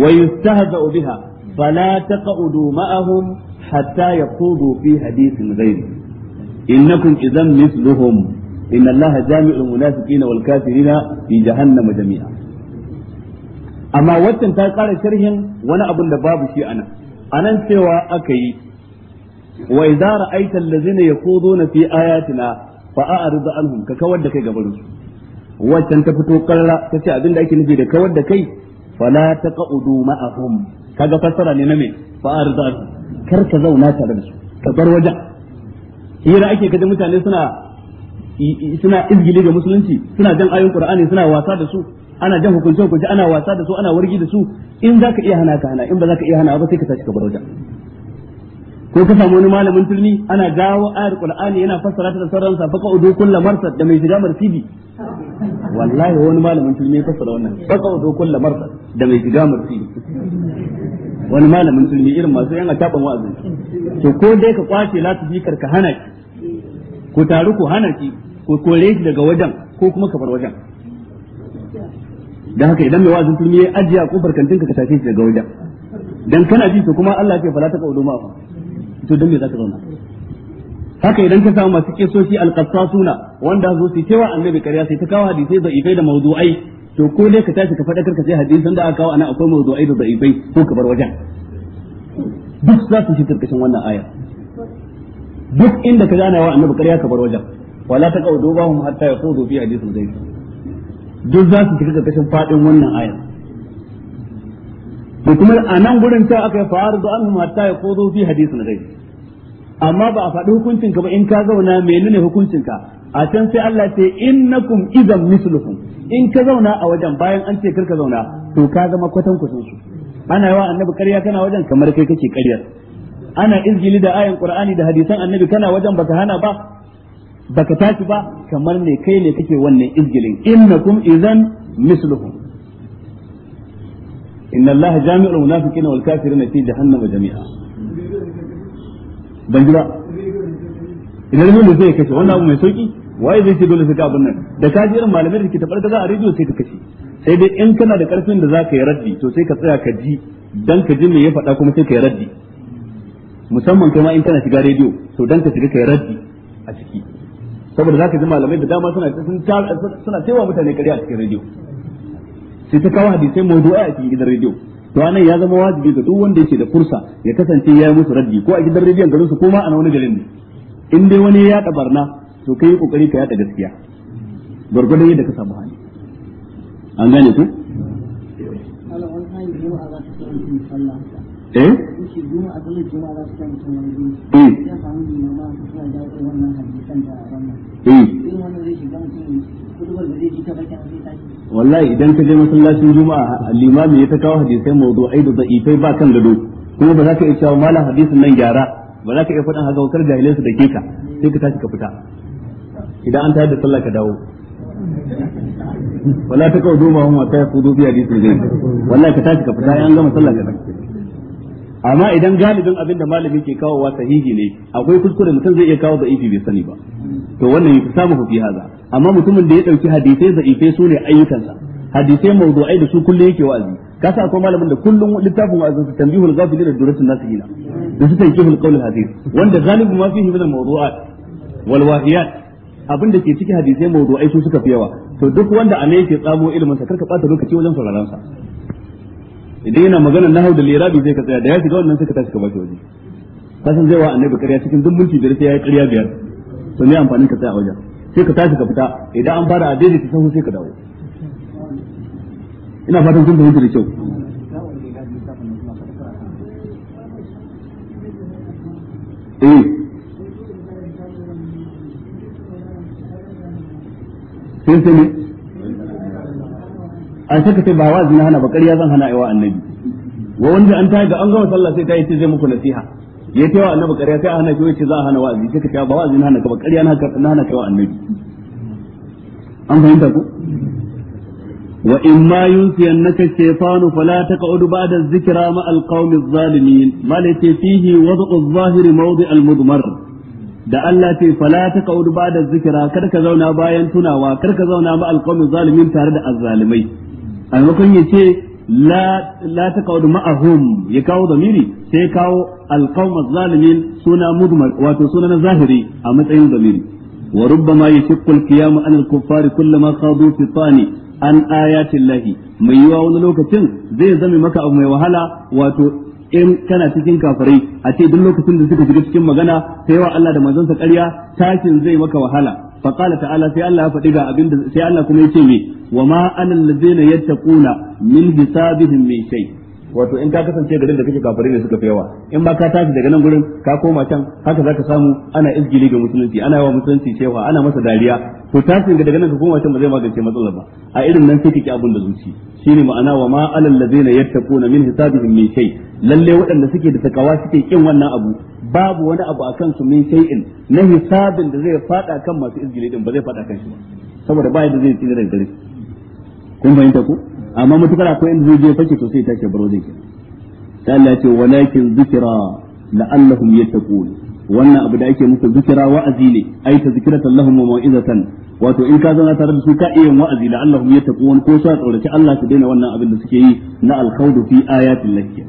Speaker 1: ويستهزأ بها فلا تقعدوا معهم hatta yaqudu fi hadithin ghairi innakum idan mithluhum inna allaha jami'ul munafiqina wal kafirina fi jahannama jami'a amma waccan ta ƙara sharhin wani abun da babu shi anan anan cewa aka yi wa idza ra'aita allazina yaquduna fi ayatina fa a'rid anhum ka kawar da kai gaban su waccan ta fito karra ta ce abin da ake nufi da kawar da kai kaga fassara ne na me fa kar ka zauna tare da su ka bar wajen hira ake kaje mutane suna suna izgili ga musulunci suna jan ayoyin qur'ani suna wasa da su ana jan hukunce hukunce ana wasa da su ana wargi da su in za ka iya hana ka hana in ba za ka iya hana ba sai ka tashi ka bar wajen ko ka samu wani malamin turmi ana gawo ayar qur'ani yana fassara ta da sauran sa faka udu kullu marsad da mai shiga marsidi wallahi wani malamin turmi ya fassara wannan faka udu kullu marsad da mai shiga marsidi wani malamin sulmi irin masu yan ataban wa'azi to ko dai ka kwace latifikar ka hana ki ku taru ku hana ki ku kore shi daga wajen ko kuma ka bar wajen dan haka idan mai wa'azin sulmi ya ajiya a kofar kantin ka ka tafi shi daga wajen dan kana ji to kuma Allah ya ce fala ta qawlu ma to dan me za ta zauna haka idan ka samu masu kisoshi alqassasuna wanda zo su cewa annabi kariya sai ta kawo hadisai da ifai da mawdu'ai to ko dai ka tashi ka faɗakar ka sai hadisan da aka kawo ana akwai aidu da ibai ko ka bar wajen duk za su shi karkashin wannan aya duk inda ka gane wa annabi ƙarya ka bar wajen wala ta doba mu hatta yaqudu fi hadithin ghayr duk za su shiga karkashin fadin wannan aya to kuma a nan gurin ta aka yi da annabi hatta yaqudu fi hadithin ghayr amma ba a faɗi hukuncinka ba in ka zauna menene hukuncin ka a can sai Allah ce innakum idan mislukum in ka zauna a wajen bayan an ce kar ka zauna to ka zama kwatan kwatan su ana yawa annabi ƙarya kana wajen kamar kai kake ƙaryar ana izgili da ayan qur'ani da hadisan annabi kana wajen baka hana ba baka tashi ba kamar ne kai ne kake wannan izgilin innakum idan mislukum inna allaha jami'ul munafiqina wal kafirina fi jahannama jami'a ban ji ba da zai kace wannan abu mai sauki waye zai ce dole sai ka abin nan da ka ji irin malamai da ke tabar kaza a rediyo sai ka kace sai dai in kana da karfin da zaka yi raddi to sai ka tsaya ka ji dan ka ji me ya faɗa kuma sai ka yi raddi musamman kai ma in kana shiga rediyo to dan ka shiga ka yi raddi a ciki saboda zaka ji malamai da dama suna suna suna cewa mutane kariya a cikin rediyo sai ta kawo hadisai mawdu'a a cikin gidan rediyo to anan ya zama wajibi ga duk wanda yake da fursa ya kasance ya yi musu raddi ko a gidan rediyon garin su ko ma a wani garin ne in dai wani ya yaɗa barna to kai kokari ka yada gaskiya gwargwadon yadda ka samu hali an gane ku
Speaker 2: eh eh Eh.
Speaker 1: wallahi idan ka je masallacin juma'a limami ya ta kawo hadisai ai da da'ifai ba kan gado kuma ba za ka iya cewa malam hadisin nan gyara ba za ka iya faɗin haka wakar jahilai su da keka ka sai ka tashi ka fita idan an tayar da sallah ka dawo wala ta kawo doma wa ta yaku dubi hadisin zai wallahi ka tashi ka fita an gama sallah ka amma idan galibin abin da malami ke kawowa sahihi ne akwai kuskure mutum zai iya kawo da ifi bai sani ba to wannan samu fi haza amma mutumin da ya dauki hadisai za'ife su ne ayyukansa hadisai mawdu'ai da su kullu yake wa'azi kasa akwai malamin da kullun littafin wa'azin su tanbihul ghafilin da duratun nasihina da su tankihul qawl hadis wanda galibu ma fihi min al-mawdu'at wal wahiyat abin da ke cikin hadisai mawdu'ai su suka fi yawa to duk wanda a yake tsamo ilimin sa karka bata lokaci wajen sauraron sa idan yana magana nahau da lirabi zai ka tsaya da ya shiga wannan sai ka tashi ka bashi waje kasan zai wa annabi ƙarya cikin duk mulki biyar sai ya yi ƙarya biyar to ne amfanin ka tsaya a wajen sai ka tashi ka fita idan an fara a ka sahu sai ka dawo ina fatan kun fahimta da kyau eh sai sai ne a saka sai ba wa zina hana bakar ya zan hana aiwa annabi wa wanda an tayi ga an gama sallah sai ta yi ce zai muku nasiha ya ta wa annabi ƙarya sai a hana shi yace za a hana wa'azi sai ka ta ba wa'azi na hana ka ba ƙarya na hana hana ka wa annabi an fahimta ku wa in ma yunsiyannaka shaytanu fala taq'ud ba'da adh-dhikra ma'al qaumi adh-dhalimin malaka fihi wad'u adh-dhahir mawdi' al-mudmar da Allah ce fala taq'ud ba'da adh-dhikra kar ka zauna bayan tunawa kar ka zauna ma'al qaumi adh-dhalimin tare da azzalimai a maimakon yace la la taqaudu ma'ahum ya kawo zamiri sai kawo alqawm zalumin zalimin suna mudmar wato suna na zahiri a matsayin zamiri wa rubbama yashiqqu al-qiyam an al-kuffari kullama khadu fi tani an ayati llahi mai yiwa wani lokacin zai zame maka mai wahala wato in kana cikin kafirai a ce duk lokacin da suka fi shiga cikin magana ta yawa Allah da manzon sa ƙarya tashin zai maka wahala fa qala ta'ala sai Allah ya faɗi ga abin da sai Allah kuma yace me wa ma anal ladzina yattaquna min hisabihim min shay wato in ka kasance garin da kake kafare ne suka fi yawa in ba ka tashi daga nan gurin ka koma can haka zaka samu ana izgili ga musulunci ana yawa musulunci cewa ana masa dariya to tashi daga nan ka koma can ba zai magance matsalar ba a irin nan sai kike abin da zuci shine ma'ana wa ma alal ladzina yattaquna min hisabihim min shay lalle waɗanda suke da takawa suke kin wannan abu babu wani abu akan su min shay'in na hisabin da zai fada kan masu izgili din ba zai fada kan shi ba saboda ba yadda zai tsira daga gare kun fahimta ku amma mutukar akwai inda zai je fake to sai tashi baro zai ke sai Allah ya ce walakin zikra la'allahum yattaqun wannan abu da ake musu zikira wa'azi ne ai ta zikiratan lahum wa mau'izatan wato in ka zauna tare da su ka iya wa'azi la Allahum yattaqun ko sa tsoraci Allah su daina wannan abin da suke yi na alkhawdu fi ayatil lahi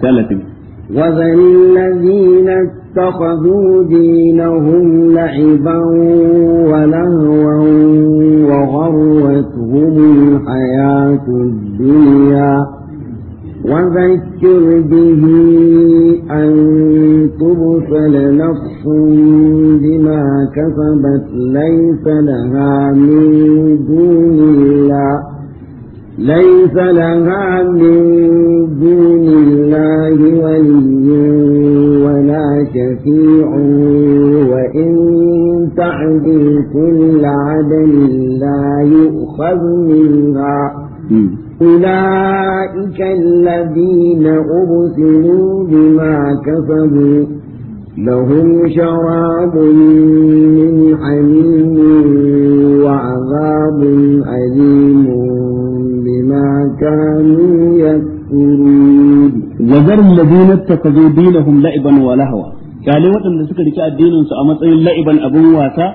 Speaker 1: ta Allah
Speaker 2: وذل الذين اتخذوا دينهم لعبا ولهوا وغرتهم الحياة الدنيا وذكر به أن تبصل نفس بما كسبت ليس لها من دون الله ليس لها من دون الله ولي تعدل كل عدل لا يؤخذ منها أولئك الذين أرسلوا بما كسبوا لهم شراب من حميم وعذاب أليم بما كانوا يكفرون
Speaker 1: وذر الذين اتخذوا دينهم لعبا ولهوا kyale waɗanda suka riki addinin su a matsayin la'iban abin wasa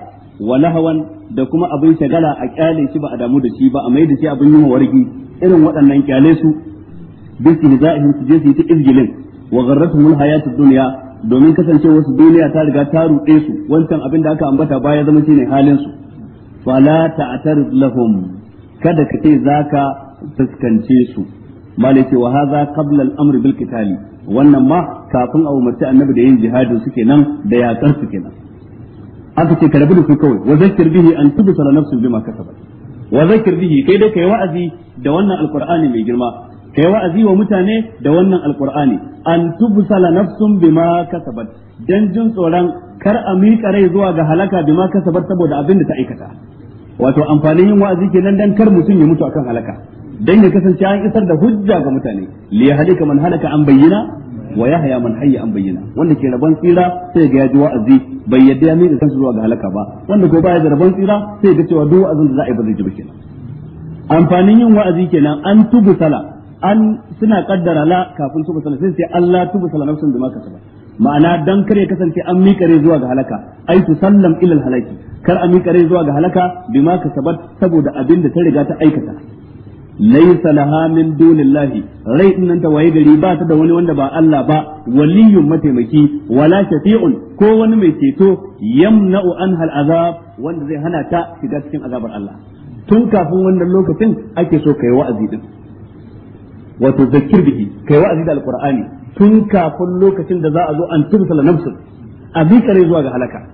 Speaker 1: wa lahawan da kuma abin shagala a kyale shi ba a damu da shi ba a mai da shi abin yin wargi irin waɗannan kyale su bisu hiza'ihim su je su yi ta izgilin wa gharratuhum alhayatud duniya domin kasancewar su duniya ta riga ta ruɗe su wancan abin da aka ambata baya zama shine halin su fala ta'tarid lahum kada ka ce zaka fuskance su malai wahaza wa amri bilkitali wannan ma kafin a umarci annabi da yin jihadin su kenan da yakar su kenan aka ce karabu da su kawai wa zakir bihi an tubsara nafsu bima kasabat wa zakir bihi kai dai kai wa'azi da wannan alqur'ani mai girma kai wa'azi wa mutane da wannan alqur'ani an tubsala nafsun bima kasabat dan jin tsoron kar a miƙa rai zuwa ga halaka bima kasabat saboda abin ta aikata wato amfanin yin wa'azi kenan dan kar mutum ya mutu akan halaka dan ya kasance an isar da hujja ga mutane li yahlika man halaka an bayyana wa yahya man hayya an bayyana wanda ke rabon tsira sai ga ya ji wa'azi bai yadda ya mai kansa zuwa ga halaka ba wanda ko baya da rabon tsira sai ga cewa duk wa'azin da za a yi ba zai ji ba kenan amfanin yin wa'azi kenan an tubu sala an suna kaddara la kafin tubu sala sai sai Allah tubu sala nafsun bima kasaba ma'ana dan kare kasance an mika rai zuwa ga halaka ai tu sallam ila halaki kar a mika rai zuwa ga halaka bima kasabat saboda abin da ta riga ta aikata laysa laha rai din ta waye gari ba ta da wani wanda ba Allah ba waliyun mataimaki wala shafi'un ko wani mai ceto yamna'u anha al'azab wanda zai hana ta shiga cikin azabar Allah tun kafin wannan lokacin ake so kai wa'azi din wato zakir bihi kai wa'azi da alqur'ani tun kafin lokacin da za a zo an tumsala nafsun a bi kare zuwa ga halaka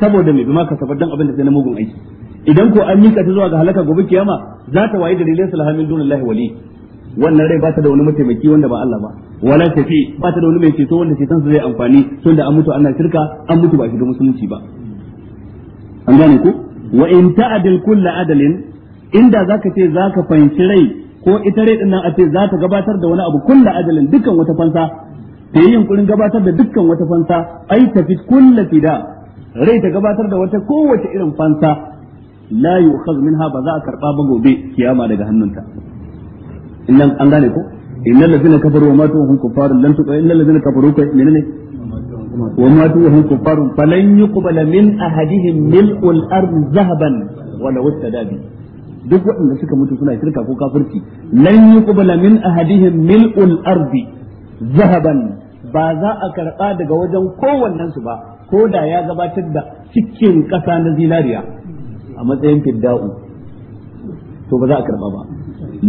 Speaker 1: saboda mai bima ka sabar dan abin da sai na mugun aiki idan ko an mika ta zuwa ga halaka gobe kiyama za ta wayi dalilin salahamin dunallahi wali wannan rai ba ta da wani mataimaki wanda ba Allah ba wala tafi ba ta da wani mai ceto wanda ceton sa zai amfani tunda an mutu ana shirka an mutu ba shiga musulunci ba an gane ku wa in ta'dil kullu adalin inda zaka ce zaka fanci rai ko ita rai din nan a ce za ta gabatar da wani abu kullu adalin dukkan wata fansa ta yi yunkurin gabatar da dukkan wata fansa ai tafi kullu fida rai ta gabatar da wata kowace irin fansa la yu'khadh minha ba za a karba gobe kiyama daga hannunta innan an gane ko innal ladzina kafaru wa matu hum kuffarun lan tuqa innal ladzina kafaru ka menene wa matu hum kuffarun falan yuqbala min ahadihim zahaban wala duk waɗanda suka mutu suna shirka ko kafirci lan yuqbala min ahadihim mil'ul ardi zahaban ba za a karɓa daga wajen kowannen su ba ko da ya gabatar da cikin ƙasa na zinariya a matsayin fidda'u to ba za a karba ba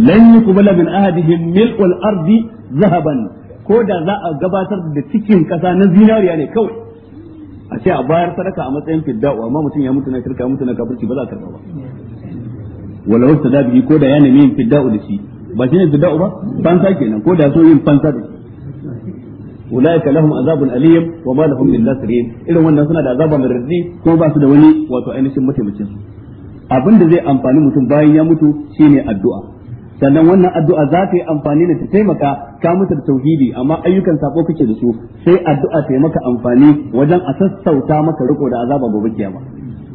Speaker 1: lan yuqbala min ahadihim mil'ul ardi zahaban ko da za a gabatar da cikin kasa na zinariya ne kawai a ce a bayar sadaka a matsayin fidda'u amma mutum ya mutu na shirka ya mutu na kafirci ba za a karba ba wala wasta da bi ko da ya nemi yin fidda'u da shi ba shine fidda'u ba fansa kenan ko da so yin fansa da shi ulaika lahum azabun aliyam wa ma lahum min nasirin irin wannan suna da azaba mai raddi ko ba su da wani wato ainihin mataimakin abin da zai amfani mutum bayan ya mutu shine addu'a sannan wannan addu'a za ta yi amfani da ta taimaka ka mutu da tauhidi amma ayyukan sako kake da su sai addu'a ta maka amfani wajen a sassauta maka riko da azaba gobe kiyama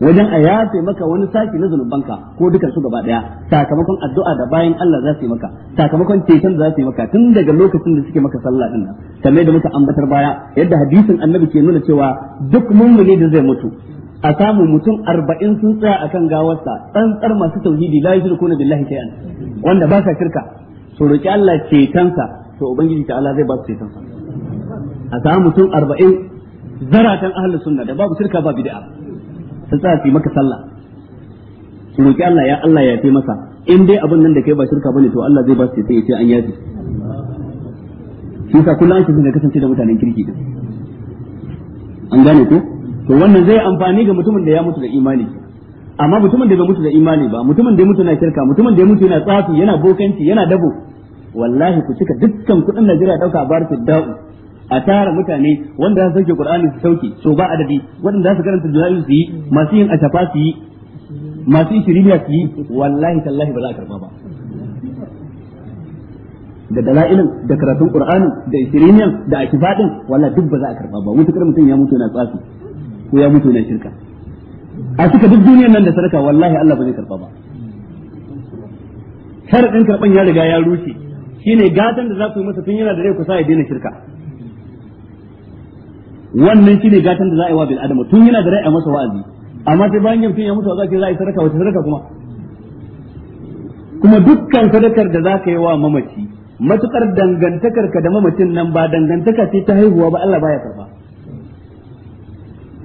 Speaker 1: wajen a yafe maka wani saki na zunubanka ko dukan su gaba daya sakamakon addu'a da bayan Allah za su yi maka sakamakon ceton za su yi maka tun daga lokacin da suke maka sallah din nan kamar da muka ambatar baya yadda hadisin annabi ke nuna cewa duk mummuni da zai mutu a samu mutum arba'in sun tsaya a kan gawarsa tsantsar masu tauhidi la yushrikuna billahi shay'an wanda ba sa shirka su roƙi Allah cetonsa to ubangiji ta Allah zai ba su cetonsa a samu mutum arba'in zaratan ahlus sunna da babu shirka ba bid'a sun tsaya su maka sallah su roƙi Allah ya Allah ya masa in dai abin nan da kai ba shirka bane to Allah zai ba su ceton ya ce an yafi shi sa kullum ake son ka kasance da mutanen kirki din an gane ko to wannan zai amfani ga mutumin da ya mutu da imani amma mutumin da bai mutu da imani ba mutumin da ya mutu na shirka mutumin da ya mutu yana tsafi yana bokanci yana dabo wallahi ku cika dukkan kudin Najeriya dauka a bar da'u a tara mutane wanda za su sauke Qur'ani su sauke so ba adadi wanda za su karanta jira'i su yi masu yin ashafa su yi masu shiriya su yi wallahi tallahi ba za a karba ba da dalailin da karatun Qur'ani da shiriyan da akibadin wallahi duk ba za a karba ba mutukar mutum ya mutu yana tsafi ko ya mutu ne shirka a cika duk duniyar nan da sadaka wallahi Allah ba zai karba ba sharadin karban ya riga ya rushe shine gatan da za ku yi masa tun yana da rai ku ya daina shirka wannan shine gatan da za a yi wa bil adama tun yana da rai a masa wa'azi amma sai bayan mutum ya mutu za ka za a yi sadaka wata sadaka kuma kuma dukkan sadakar da za ka yi wa mamaci matukar dangantakar ka da mamacin nan ba dangantaka ce ta haihuwa ba Allah baya karba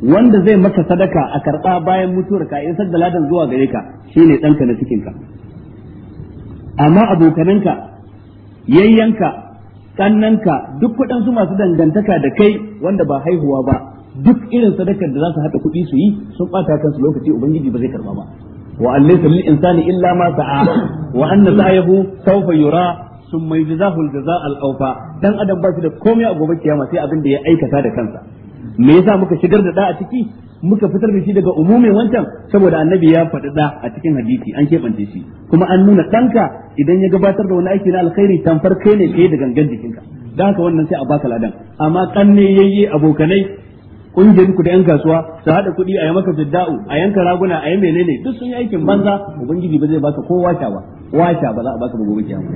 Speaker 1: wanda zai maka sadaka a karɓa bayan mutuwar ka in sadda ladan zuwa gare ka shine ɗanka na cikin ka amma abokananka yayyanka ƙannanka duk waɗansu masu dangantaka da kai wanda ba haihuwa ba duk irin sadakar da za su haɗa kuɗi su yi sun ɓata kansu lokaci ubangiji ba zai karɓa ba wa alaysa lil insani illa ma sa'a wa anna sa'yahu sawfa yura summa yujzahu al-jazaa al-awfa dan adam ba shi da komai a gobe kiyama sai abin da ya aikata da kansa me yasa muka shigar da da a ciki muka fitar da shi daga umumin wancan saboda annabi ya faɗi da a cikin hadisi an keɓance shi kuma an nuna ɗanka idan ya gabatar da wani aiki na alkhairi tamfar kai ne kai da gangan jikinka da haka wannan sai a baka ladan amma kanne yayye abokanai kungiyar ku da yan kasuwa su haɗa kuɗi a yi maka fidda'u a yanka raguna a yi menene duk sun yi aikin banza ubangiji ba zai baka ko washa ba washa ba za a baka ba gobe kiyama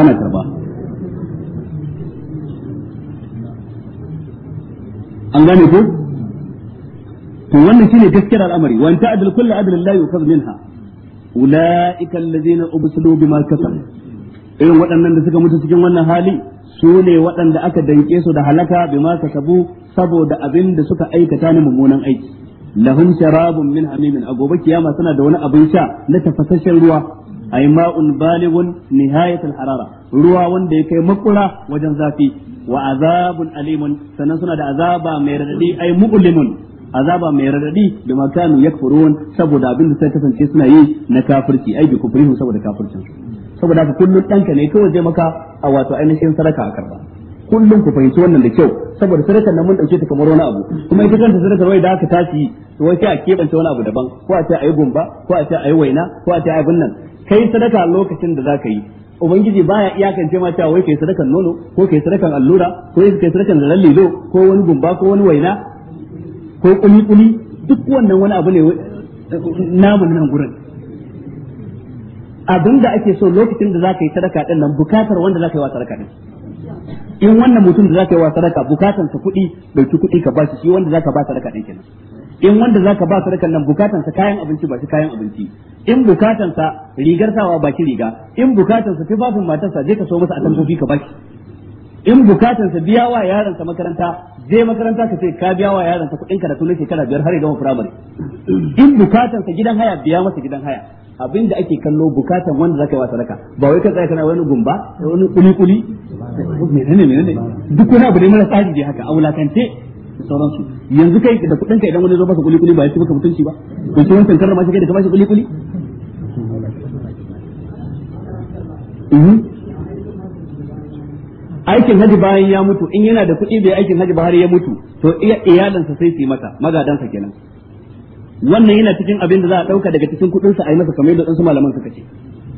Speaker 1: ana karba an gane ko to wannan shine gaskiyar al'amari wa anta adl kullu adl la yukhad minha ulaika alladhina ubsilu bima kasab irin waɗannan da suka mutu cikin wannan hali su ne waɗanda aka danke su da halaka bima kasabu saboda abin da suka aikata ne mummunan aiki lahum sharabun min hamimin a gobe kiyama suna da wani abin sha na tafasasshen ruwa ay ma'un balighun nihayat harara ruwa wanda ya kai makura wajen zafi wa azabun alimun sannan suna da azaba mai radadi ay mu'limun azaba mai radadi da makanu yakfurun saboda abin da sai kasance suna yi na kafirci ai bi kufrihim saboda kafircin saboda haka kullun danka ne kawai zai maka a wato ainihin sadaka a karba kullum ku fahimci wannan da kyau saboda sadakar nan mun dauke ta kamar wani abu kuma ita kanta sadakar wai da aka tashi to wai sai a kebance wani abu daban ko a ce ayi gumba ko a ce ayi waina ko a ce ayi bunnan kai sadaka lokacin da zaka yi ubangiji baya iyakance ma cewa wai kai sadakan nono ko kai sadakan allura ko kai sadakan zaran lilo ko wani gumba ko wani waina ko kuli kuli duk wannan wani abu ne namun nan gurin abin da ake so lokacin da zaka yi sadaka din nan bukatar wanda zaka yi wa sadaka din in wannan mutum da zaka yi wa sadaka bukatan sa kuɗi dauki kuɗi ka ba shi wanda zaka ba sadaka din kenan in wanda zaka ba sadakan nan bukatan sa kayan abinci ba shi kayan abinci in bukatan sa rigar sawa ba ki riga in bukatan sa tufafin matarsa je ka so masa atamfofi ka ba shi. in bukatan sa biya wa yaron sa makaranta je makaranta ka ce ka biya wa yaron sa kuɗin karatu na shekara biyar har ya gama firamare in bukatan sa gidan haya biya masa gidan haya abin da ake kallo bukatan wanda zaka yi wa sadaka ba wai ka tsaya kana wani gumba wani kuli kuli menene menene duk wani abu haka a wulakance da sauransu aikin haji bayan ya mutu in yana da kuɗi bai aikin haji ba har ya mutu to iyalansa sai su yi mata magadansa kenan wannan yana cikin abin da za a ɗauka daga cikin kuɗinsa a yi masa kamar yadda ɗansu malaman suka ce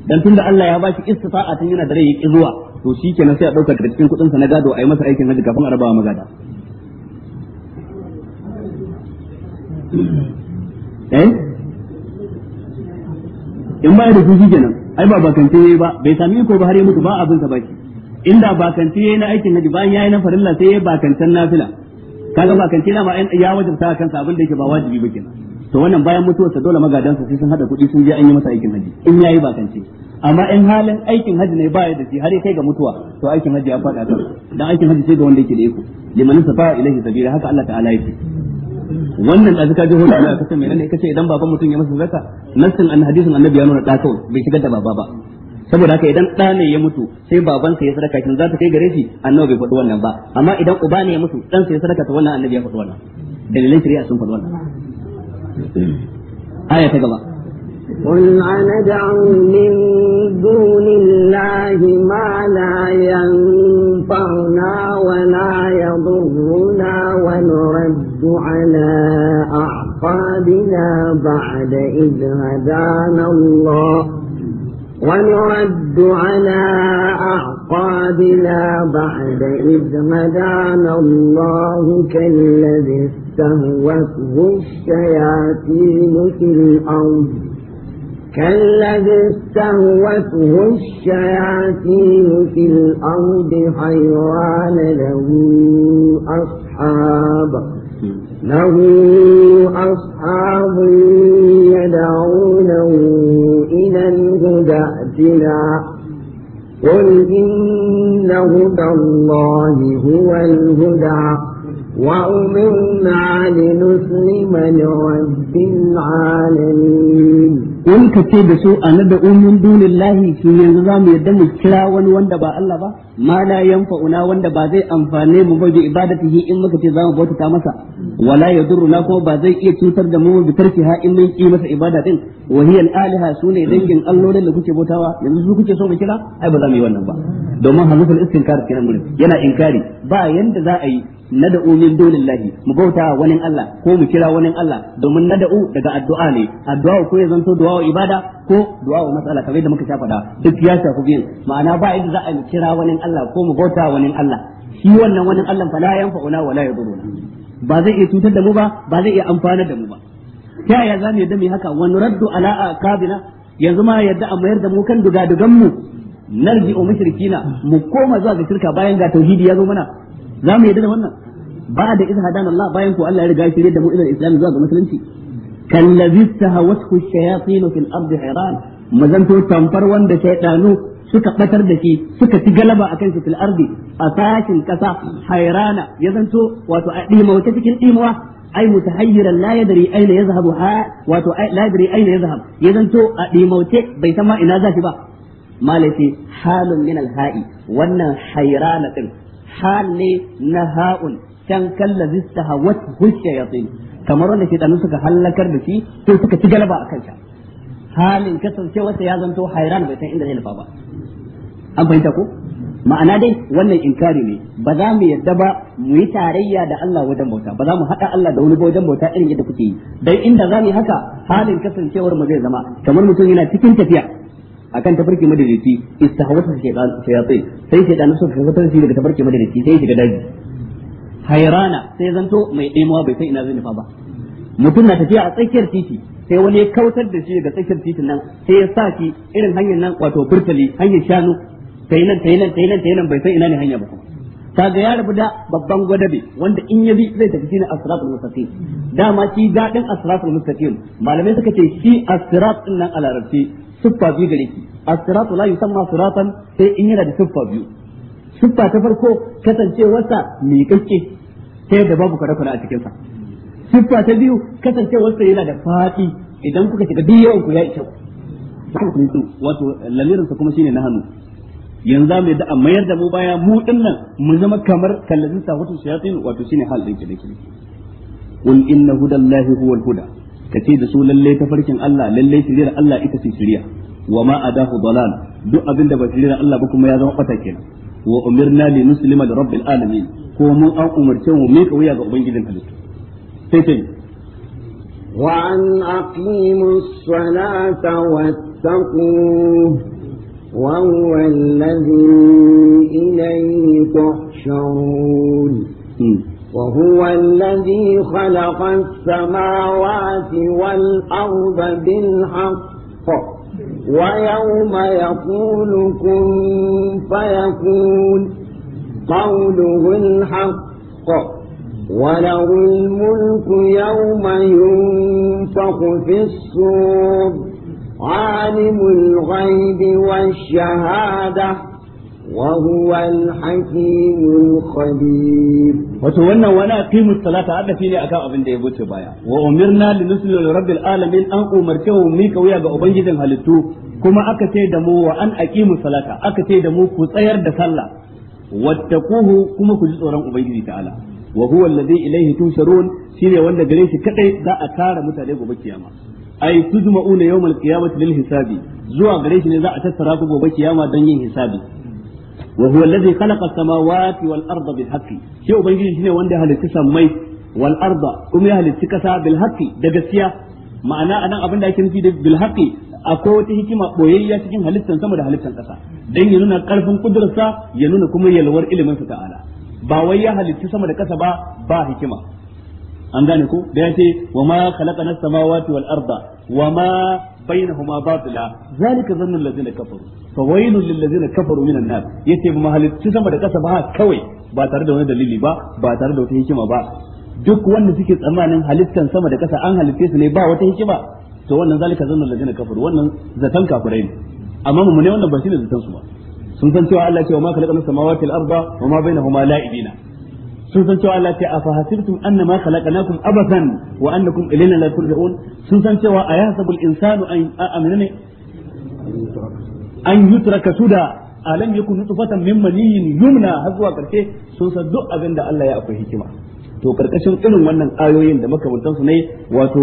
Speaker 1: dan tunda Allah ya bashi istifa'a tun yana da rai yake zuwa to shikenan sai a dauka daga cikin kudin sa na gado a yi masa aikin haji kafin a rabawa magada eh in ba da su kenan ai ba bakanti yayi ba bai sami ko ba har ya mutu ba abin sa baki inda bakanti yayi na aikin haji bayan yayi na farilla sai ya bakantan nafila kaga bakanti na ma ya wajibta kansa abin da yake ba wajibi ba kenan to wannan bayan mutuwarsa dole magadansa su sun hada kuɗi sun je an yi masa aikin haji in yayi ba kance amma in halin aikin haji ne baya da shi har kai ga mutuwa to aikin haji ya faɗa ta dan aikin haji sai ga wanda yake da iko liman safa ilahi sabira haka Allah ta'ala yake wannan da zaka ji hoto da kace ne kace idan baban mutum ya masa zakka nassin an hadisin annabi ya nuna da kawai bai shigar da baba ba saboda haka idan ɗa ne ya mutu sai babansa ya sadaka kin za ta kai gare shi annabi bai faɗi wannan ba amma idan uba ne ya mutu ɗansa ya sadaka to wannan annabi ya faɗi wannan dalilan shari'a sun faɗi wannan آية كذا قل
Speaker 2: أندعو من دون الله ما لا ينفعنا ولا يضرنا ونرد على أعقابنا بعد إذ هدانا الله ونرد على أعقابنا بعد إذ مدعنا الله كالذي استهوته الشياطين في الأرض كالذي استهوته الشياطين في الأرض حيوان له أصحابه له أصحاب يدعونه إلى الهدى ائتنا قل إن هدى الله هو الهدى وأمرنا لنسلم لرب العالمين Wani ka ce da su ana da umin dunillahi shi yanzu za mu yadda mu kira wani wanda ba Allah ba
Speaker 1: ma la una wanda ba zai amfane mu ba bi ibadatihi in muka ce za mu bauta masa wala yadurruna ko ba zai iya cutar da mu bi tarkiha in mun yi masa ibada din wa hiya al-aliha sune dangin allolin da kuke bautawa yanzu su kuke so mu kira ai ba za mu yi wannan ba domin hamzatul istinkar kenan gurin yana inkari ba yanda za a yi na nada'u min dunillahi mu bauta wani Allah ko mu kira wani Allah domin na nada'u daga addu'a ne addu'a ko ya zanto du'a wa ibada ko du'a mas'ala kamar yadda muka sha faɗa duk ya shafi biyan ma'ana ba yadda za a kira wani Allah ko mu bauta wani Allah shi wannan wani Allah fa la yanfa'una wala yaduruna ba zai iya cutar da mu ba ba zai iya amfanar da mu ba ta yaya za mu yadda mu haka wa nuraddu ala aqabina yanzu ma yadda a mayar da mu kan dugadugan mu narji o mushrikina mu koma zuwa ga shirka bayan ga tauhidi ya zo mana za mu yadda da wannan ba da izhadan Allah bayan ko Allah ya riga shi da mu ilal islam zuwa ga musulunci kallazi istahawathu shayatin fil ardi hiran mazanto tamfar wanda shaytanu suka batar da shi suka ci galaba akan shi fil ardi a sashin kasa hairana ya zanto wato a dimawta cikin dimawa ai mutahayyiran la yadri aina yazhabu ha wato la yadri aina yazhab ya zanto a dimawce bai san ma ina zafi ba malafi halun min alha'i wannan hairana din hal ne na ha'un kan kallazi istahawathu shayatin kamar wanda ke ɗanu suka hallakar da shi sai suka ci galaba a kansa halin kasancewarsa ya zanto hairan bai san inda zai nufa ba an fahimta ko ma'ana dai wannan inkari ne ba za mu yadda ba mu yi tarayya da Allah wajen bauta ba za mu haɗa Allah da wani wajen bauta irin yadda kuke yi dai inda za mu yi haka halin kasancewar mu zai zama kamar mutum yana cikin tafiya akan tafarki madadici istahawatu shaytan shayatin sai shaytan su ka fitar shi daga tafarki madadici sai shi shiga daji hairana sai zanto mai ɗemawa bai san ina zai nufa ba mutum na tafiya a tsakiyar titi sai wani ya kautar da shi daga tsakiyar titin nan sai ya sa shi irin hanyar nan wato burtali hanyar shanu ta nan ta nan ta nan ta nan bai san ina ne hanya ba kaga ya rabu da babban gwadabe wanda in ya bi zai tafi shine asiratul mustaqim dama shi dadin asiratul mustaqim malamai suka ce shi asirat din nan a larabci siffa biyu gare shi asratu la yusamma siratan sai in yana da siffa biyu siffa ta farko kasancewarsa miƙaƙƙe ta yadda babu kware-kware a cikinsa siffa ta biyu kasancewarsa yana da fati idan kuka shiga duk yawan ku ya isa ku wato lamirinsa kuma shine na hannu yanzu za mu yadda a mayar da mu baya mu dinnan mu zama kamar kallazin sahutun shayatin wato shine hal din kide kide Kun inna hudallahi huwal huda kace da su lalle tafarkin Allah lalle shiriyar Allah ita ce shirya wa ma adahu dalal duk abinda da ba shiriyar Allah ba kuma ya zama bata kenan wa umirna li nuslima li rabbil alamin ko mun an umarce mu mai kauya ga ubangijin halittu sai sai
Speaker 2: wa an aqimu as-salata wattaquhu wa huwa alladhi ilayhi tuhsharun وهو الذي خلق السماوات والأرض بالحق ويوم يقول كن فيكون قوله الحق وله الملك يوم ينفق في الصور عالم الغيب والشهادة وهو الحكيم
Speaker 1: الخبير wato wannan wani aqimus salata adafi ne akan abin da ya wuce baya wa umirna linuslil rabbil alamin an umarce mu mi wuya ga ubangijin halittu kuma aka ce da mu wa an aqimus salata aka ce da mu ku tsayar da sallah wattaquhu kuma ku ji tsoron ubangiji ta'ala wa huwa alladhi ilayhi tusharun shine wanda gare shi kadai za a tara mutane gobe kiyama ay tujma'una yawmal qiyamati lil hisabi zuwa gare shi ne za a tattara ku gobe kiyama don yin hisabi wa huwa alladhi khalaqa as-samawati wal arda bil shi ubangiji shine wanda ya halitta wal arda kuma ya halitta kasa bil haqqi da gaskiya ma'ana anan abin da ake nufi da bil haqqi akwai wata hikima boyayya cikin halittan sama da halittan kasa dan ya nuna karfin kudurarsa ya nuna kuma yalwar ilimin sa ta'ala ba wai ya halitta sama da kasa ba ba hikima an gane ko da yace wa ma khalaqana as-samawati wal arda وما بينهما باطلا ذلك ظن الذين كفروا فويل للذين كفروا من النار yace ba mahalicci sama da kasa ba kawai ba tare da wani dalili ba ba tare da wata hikima ba duk wanda suke tsammanin halittan sama da kasa an halitte su ne ba wata hikima to wannan zalika zannu ladina kafaru wannan zatan kafirai ne amma mu ne wannan ba shine zatan su ba sun san cewa Allah wa ma khalaqna samawati wal arda wa ma bainahuma la'ibina sun san cewa Allah ce afa hasibtum annama khalaqnakum abathan wa annakum ilayna la turja'un sun san cewa ayahsabul insanu an amina ne an yutraka suda alam yakun nutfatan min maniyyin yumna har zuwa karshe sun san duk abin da Allah ya akwai hikima to karkashin irin wannan ayoyin da makamantansu ne wato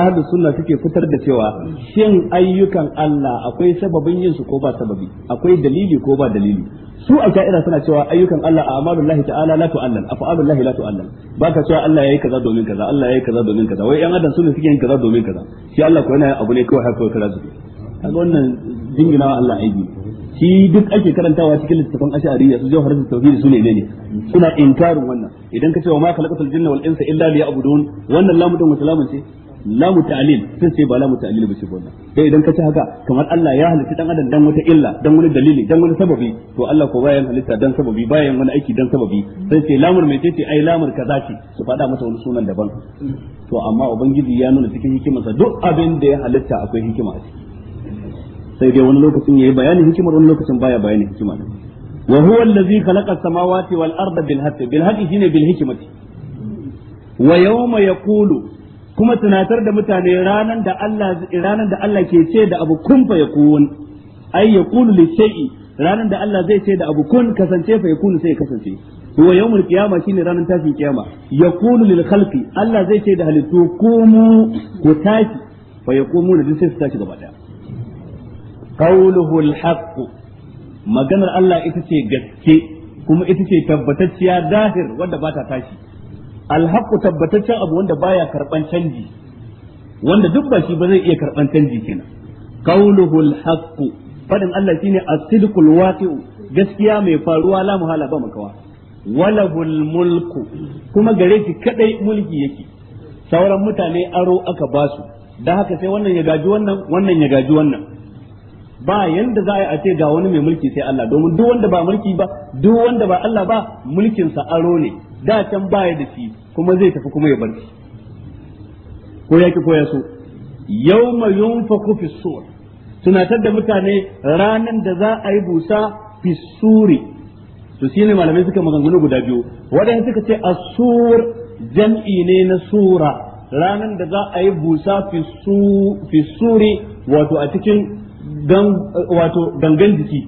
Speaker 1: ahlus sunna suke fitar da cewa shin ayyukan Allah akwai sababin yin su ko ba sababi akwai dalili ko ba dalili su a sha'ira suna cewa ayyukan Allah a allah ta'ala la tu'allal afa'alullahi la tu'allal baka cewa Allah yayi kaza domin kaza Allah yayi kaza domin kaza wai yan adam sune suke yin kaza domin kaza shi Allah ko yana abu ne kawai haka kawai kaza kaga wannan jinginawa Allah aiki shi duk ake karantawa cikin littafin ash'ariyya su jawhar tauhid su ne ne suna inkarin wannan idan ka ce wa ma khalaqatul jinna wal insa illa liya'budun wannan lamu din wata lamun ce lamu ta'lil sai ce ba lamu ta'lil ba ce wannan sai idan ka ce haka kamar Allah ya halitta dan adam dan wata illa dan wani dalili dan wani sababi to Allah ko bayan halitta dan sababi bayan wani aiki dan sababi sai ce lamur mai ce ai lamur kaza ce su fada mata wani sunan daban to amma ubangiji ya nuna cikin hikimarsa duk abin da ya halitta akwai hikima a ciki sai dai wani lokacin yayi bayanin hikimar wani lokacin baya bayanin hikima din wa huwa allazi khalaqa as-samawati wal arda bil haqqi bil haqqi shine bil hikmati wa yawma yaqulu kuma tunatar da mutane ranan da Allah ranan da Allah ke ce da abu kun fa yakun ay yaqulu li shay'i ranan da Allah zai ce da abu kun kasance fa yakun sai kasance huwa yawmul qiyama shine ranan tashin kiyama yaqulu lil khalqi Allah zai ce da halittu kumu ku tashi fa yakumuna duk sai su tashi gaba daya qawluhu al-haqq maganar Allah ita ce gaske kuma ita ce tabbatacciya dahir wanda ba ta tashi al-haqq tabbataccen abu wanda baya karban canji wanda duk ba shi ba zai iya karban canji kina. qawluhu al-haqq fadin Allah shine as-sidqul waqi'u gaskiya mai faruwa la muhala ba makawa walahul mulku kuma gare shi kadai mulki yake sauran mutane aro aka basu da haka sai wannan ya gaji wannan wannan ya gaji wannan ba yanda za a ce ga wani mai mulki sai Allah domin duk wanda ba mulki ba duk wanda ba Allah ba mulkin sa aro ne da can baya da shi kuma zai tafi kuma ya barci. shi ko yake ko ya so yawma yunfaku fi sur tunatar da mutane ranan da za a yi busa fi suri to shine malamai suka maganganu guda biyu wadanda suka ce asur jam'i ne na sura ranan da za a yi busa fi suri wato a cikin wato gangan jiki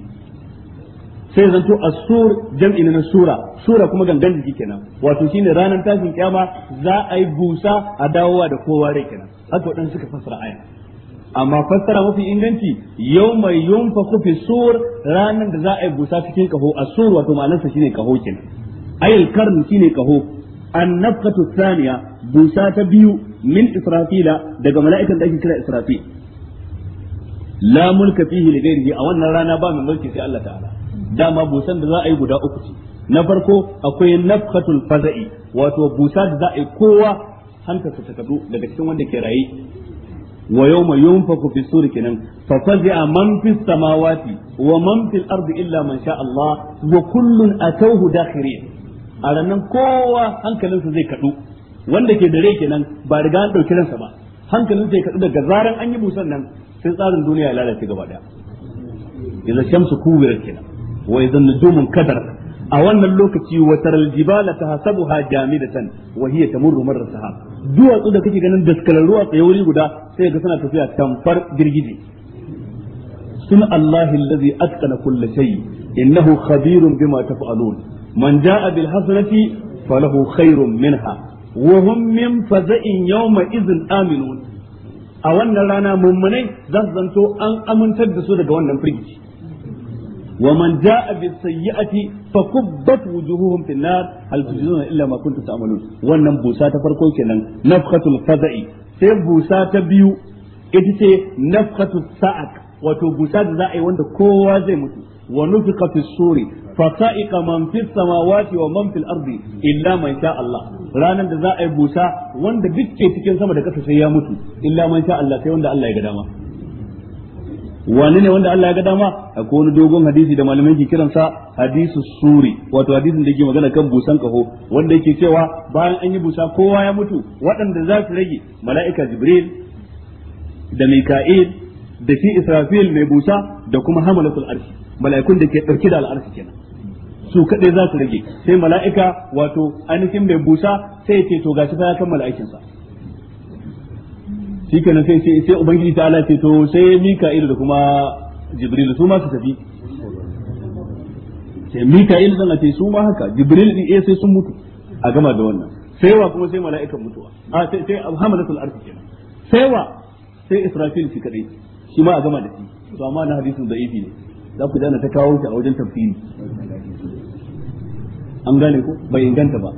Speaker 1: sai zanto asur jam'i na sura sura kuma gangan jiki kenan wato shine ranar tashin kiyama za a yi busa a dawowa da kowa rai kenan haka wadan suka fassara aya amma fassara mafi inganci yau mai yunfa sur ranar da za a yi busa cikin kaho asur wato ma'anarsa shine kaho kenan ayil karn shine kaho annafatu thaniya busa ta biyu min israfila daga mala'ikan da ake kira israfil la mulka fihi li a wannan rana ba mai mulki sai Allah ta'ala dama busan da za yi guda uku ce na farko akwai nafkatul faza'i wato busa da za yi kowa hantarsa ta kadu daga cikin wanda ke raye wa yawma yunfaku fi suri kenan fa a man fis samawati wa man fil illa man sha Allah wa kullun atawhu dakhirin a ranan kowa hankalinsa zai kadu wanda ke da rai kenan ba riga an dauki ransa ba hankalin zai kadu daga zaran an yi busan nan sai tsarin duniya ya lalace gaba daya idza shamsu kuwirat kenan wa idza nujumun kadar a wannan lokaci wa taral jibala tahasabuha jamidatan wa hiya tamurru marra sahab duwatsu da kake ganin daskararru ruwa tsaye wuri guda sai ga suna tafiya tamfar girgije sun Allah allazi atqana kulli shay innahu khabirun bima taf'alun man jaa bil hasanati falahu khairun minha wa hum min faza'in yawma idhin aminun a wannan rana mummunai za su zanto an amintar da su daga wannan firgici wa man jaa bi sayyi'ati fa kubbat wujuhuhum fi nar hal tujzuna illa ma kuntum ta'malun wannan busa ta farko kenan nafkhatul faza'i sai busa ta biyu ita ce nafkhatus sa'aq wato busa da za a yi wanda kowa zai mutu wa nufiqa fi suri فصائق من في السماوات ومن في الارض الا من شاء الله ranan da za a yi busa wanda dukke cikin sama da kasa sai ya mutu illa man sha Allah sai wanda Allah ya ga dama wani ne wanda Allah ya ga dama akwai wani dogon hadisi da malamai ke kiransa hadisu suri wato hadisin da yake magana kan busan kaho wanda yake cewa bayan an yi busa kowa ya mutu waɗanda za su rage mala'ika jibril da mika'il da shi israfil mai busa da kuma hamalatul arshi mala'ikun da ke ɗauki da al'arshi kenan su kadai za su rage sai mala'ika wato ainihin mai busa sai ya ce to gashi fa ya kammala aikin sa shikenan sai sai sai ubangiji ta ce to sai mika'il da kuma jibril su ma su tafi sai mika'il zan ce su ma haka jibril din eh, sai sun mutu a gama da wannan sai wa kuma sai mala'ikan mutuwa a sai sai hamalatul arshi kenan sai wa sai israfil shi kadai shi ma a gama da shi to amma na hadisin da'ifi ne za ku dana ta kawo shi a wajen tafsiri an gane ku bai inganta ba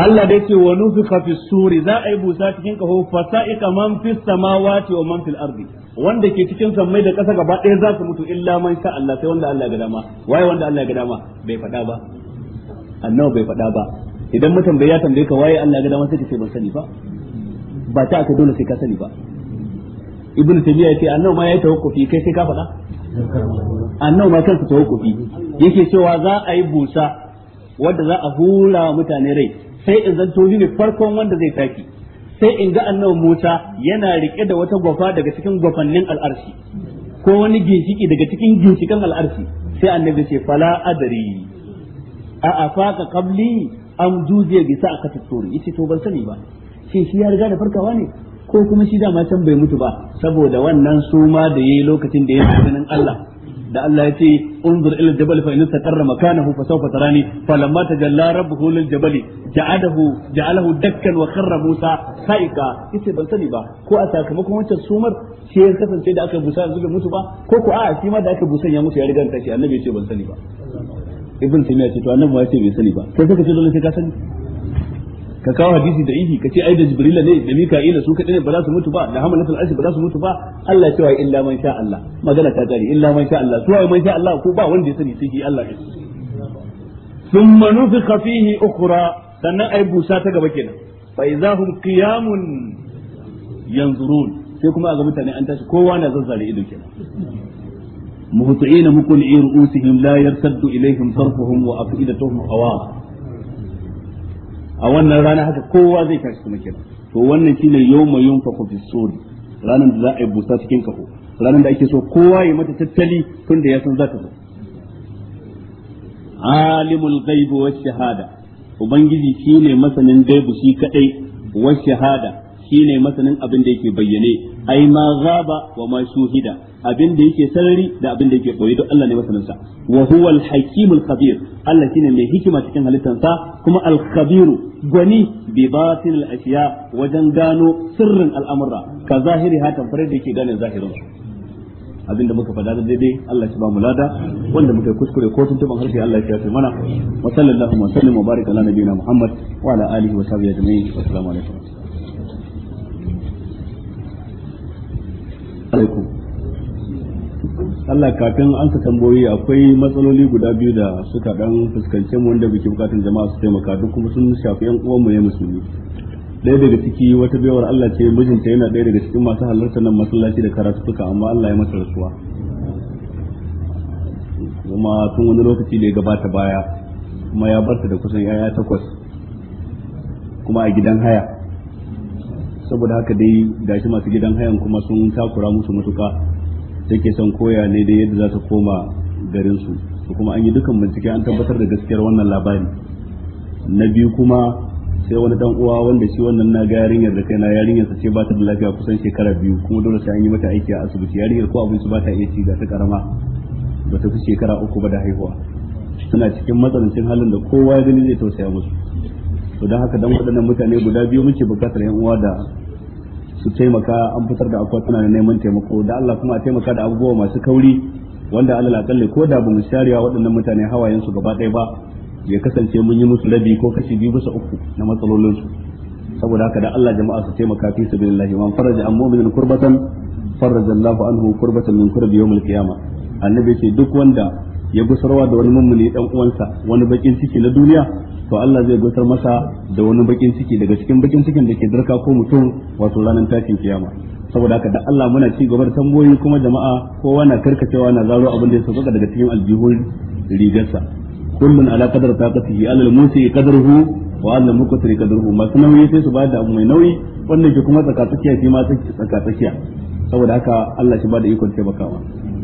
Speaker 1: Allah da yake wa nufiqa fi suri za a yi busa cikin kaho fasa'ika man fis samawati wa man fil ardi wanda ke cikin sammai da ƙasa gaba ɗaya za su mutu illa man sha Allah sai wanda Allah ya ga dama waye wanda Allah ya ga dama bai faɗa ba annabi bai faɗa ba idan mutum bai ya tambaye ka waye Allah ya ga dama sai ka ce ban sani ba ba ta aka dole sai ka sani ba ibnu taymiya yace annabi ma yayi tawakkufi kai sai ka faɗa annabi ma kansa hukubi yake cewa za a yi busa wanda za a hura wa mutane rai sai in zanto ne farkon wanda zai tafi sai in ga annabi Musa yana rike da wata gwafa daga cikin gwafannin al'arshi ko wani ginshiki daga cikin ginshikan al'arshi sai annabi ce fala adari a afaka qabli am juziya bisa sa'akati tsori yace to ban sani ba shin shi ya riga da farkawa ne ko kuma shi dama can bai mutu ba saboda wannan suma da yayi lokacin da ya ganin Allah da Allah ya ce unzur ila jabal fa in istaqarra makanahu fa sawfa tarani falamma tajalla rabbuhu lil jabali ja'alahu ja'alahu dakkan wa kharra Musa saika ita ban sani ba ko a sakamakon wancan sumar shi ya kasance da aka busa zuga mutu ba ko ko a shi ma da aka busan ya mutu ya riga ta shi annabi ya ce ban sani ba ibn taymiya ce to annabi ya ce bai sani ba sai suka ce dole sai ka sani ka kawo hadisi da ihi ka ce ai da jibril ne da mika'ila su kadai ne ba za su mutu ba da hamalatul arshi ba za su mutu ba Allah ya cewa illa man sha Allah magana ta tare illa man sha Allah su suwaye man sha Allah ko ba wanda ya sani sai Allah ne thumma nufikha fihi ukhra sannan ai busa ta gaba kenan fa idahum qiyamun yanzurun sai kuma a ga mutane an tashi kowa na zazzare ido kenan muhtiina muqul'i ru'usihim la yartaddu ilaihim sarfuhum wa afidatuhum awaq a wannan rana haka kowa zai tashi kuma kira to wannan shine yawma yunfaku fi sur ranan da za a yi busa cikin kafo ranar da ake so kowa ya mata tattali tun da ya san za ta zo alimul ghaibi wasu shahada ubangiji shine masanin gaibu shi kadai wa shahada shine masanin abin da yake bayyane ai ma ghaba wa ma shuhida abin da yake sarari da abin da yake boye duk Allah ne masanin sa wa huwa al hakimul khabir Allah shine mai hikima cikin halittansa kuma al khabiru gwani bi batin al ashiya wajen gano sirrin al'amura ka zahiri hatan fare da yake gane zahirin abin da muka faɗa da daidai Allah ya ba mu lada wanda muka kuskure ko tuntuban harshe Allah ya shafe mana wa sallallahu wa sallam baraka ala nabiyina Muhammad wa ala alihi wa sahbihi ajma'in assalamu alaikum alaikum Allah kafin an ka tambayoyi akwai matsaloli guda biyu da suka dan fuskance mu wanda muke bukatun jama'a su taimaka duk kuma sun shafi yan uwan mu ne musulmi ɗaya daga ciki wata bayawar Allah ce mijinta yana ɗaya daga cikin masu halarta nan masallaci da suka amma Allah ya masa rasuwa kuma tun wani lokaci da ya gabata baya kuma ya barta da kusan yaya takwas kuma a gidan haya saboda haka dai gashi masu gidan hayan kuma sun takura musu matuka take son koya ne da yadda za ta koma garin su kuma an yi dukan bincike an tabbatar da gaskiyar wannan labari na biyu kuma sai wani dan uwa wanda shi wannan na ga yarinyar da kaina yarinyar sa ce ba ta da lafiya kusan shekara biyu kuma dole sai an yi mata aiki a asibiti yarinyar ko su ba ta iya ci ga ta karama ba ta fi shekara uku ba da haihuwa suna cikin matsanancin halin da kowa ya gani zai tausaya musu to don haka dan waɗannan mutane guda biyu muke bukatar yan uwa da su taimaka an fitar da akwatuna na neman taimako da Allah kuma a taimaka da abubuwa masu kauri wanda Allah akalle ko da mu shariya waɗannan mutane hawayen su gaba ɗaya ba ya kasance mun yi musu rabi ko kashi biyu bisa uku na matsalolin su saboda haka da Allah jama'a su taimaka fi sabilillahi man faraja an mu'minin kurbatan faraja allahu anhu kurbatan min kurbi yawmil qiyamah annabi ce duk wanda ya gusarwa da wani mummuni dan uwansa wani bakin ciki na duniya to Allah zai gusar masa da wani bakin ciki daga cikin bakin cikin da ke dirka ko mutum wato ranar tashin kiyama saboda haka da Allah muna ci gaba da tambayoyi kuma jama'a kowa na karkacewa na zaro abin da ya sauka daga cikin aljihun rigarsa kullun ala qadar taqatihi alal musi qadruhu wa alal muqtari qadruhu masu nauyi sai su ba da abu mai nauyi wanda ke kuma tsakatsakiya shi ma tsakatsakiya saboda haka Allah shi ba da ikon taimakawa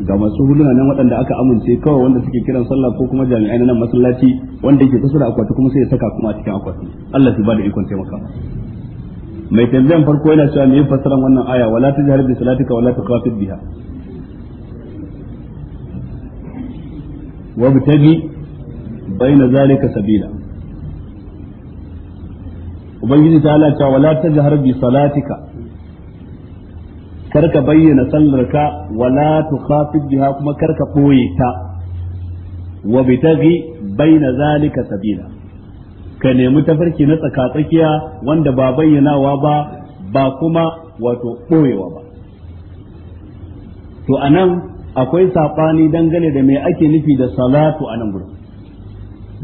Speaker 1: ga masu huduna nan waɗanda aka amince kawai wanda suke kiran sallah ko kuma jami'ai nan masallaci wanda yake kusa da akwati kuma sai ya saka kuma a cikin akwati Allah shi ba da ikon taimaka mai tambayan farko yana cewa me yin fassaran wannan aya wala tajhar bi salatika wala tuqafid biha wabtagi baina zalika sabila ubangiji ta halata wala tajhar bi salatika karka bayyana sallarka wala tukhafid biha kuma karka koye ta wa bitaghi baina zalika sabila ka nemi tafarki na tsakatsakiya wanda ba bayyanawa ba ba kuma wato boyewa ba to anan akwai sabani dangane da me ake nufi da salatu anan gurin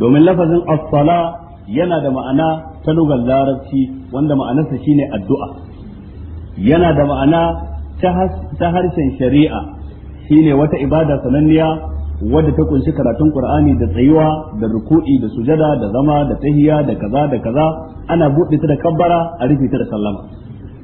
Speaker 1: domin lafazin as-sala yana da ma'ana ta lugar larabci wanda ma'anarsa shine addu'a yana da ma'ana ta harshen shari'a shine wata ibada sananniya wadda ta kunshi karatun qur'ani da tsayuwa da ruku'i da sujada da zama da tahiya da kaza da kaza ana buɗe ta da kabbara a rufe ta da sallama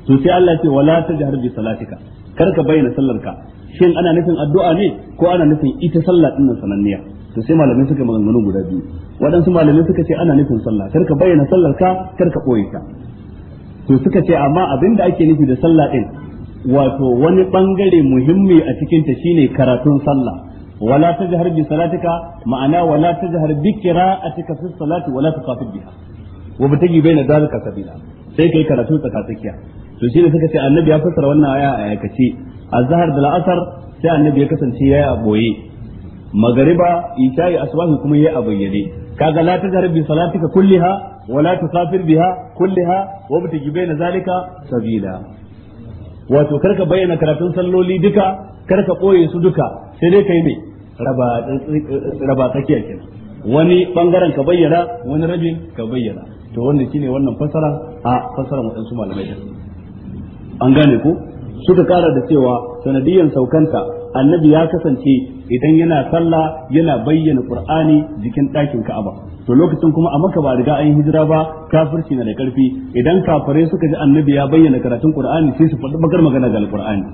Speaker 1: to sai Allah ce wala tajhar bi salatika kar ka bayyana sallarka shin ana nufin addu'a ne ko ana nufin ita sallah din sananniya to sai malamai suka maganganu guda biyu waɗansu malamai suka ce ana nufin sallah karka bayyana sallarka kar ka ɓoye ta to suka ce amma abin da ake nufi da sallah din wato wani bangare muhimmi a cikin ta shine karatun sallah wala tajhar bi salatika ma'ana wala tajhar bi qira'atika fi salati wala tuqatil biha wa bitagi baina dalika sabila sai kai karatu tsakatsakiya to shine suka ce annabi ya fassara wannan aya a yakace azhar da la'asar sai annabi ya kasance yayi a boye magariba isha'i asbahi kuma yayi a bayyane kaga la tajhar bi salatika kulliha wala tusafir biha kulliha wa bitagi baina zalika sabila wato kar ka bayyana karatun salloli duka kar ka koye su duka sai dai kai ne raba tsakiya kenan wani bangaren ka bayyana wani rabin ka bayyana to wannan shine wannan fasara a fasaran waɗansu malamai an gane ko suka kara da cewa sanadiyan saukanta annabi ya kasance idan yana sallah yana bayyana qur'ani jikin ɗakin ka'aba to lokacin kuma a maka ba riga an hijira ba kafirci na da karfi idan kafare suka ji annabi ya bayyana karatun qur'ani sai su faɗi bakar magana ga alqur'ani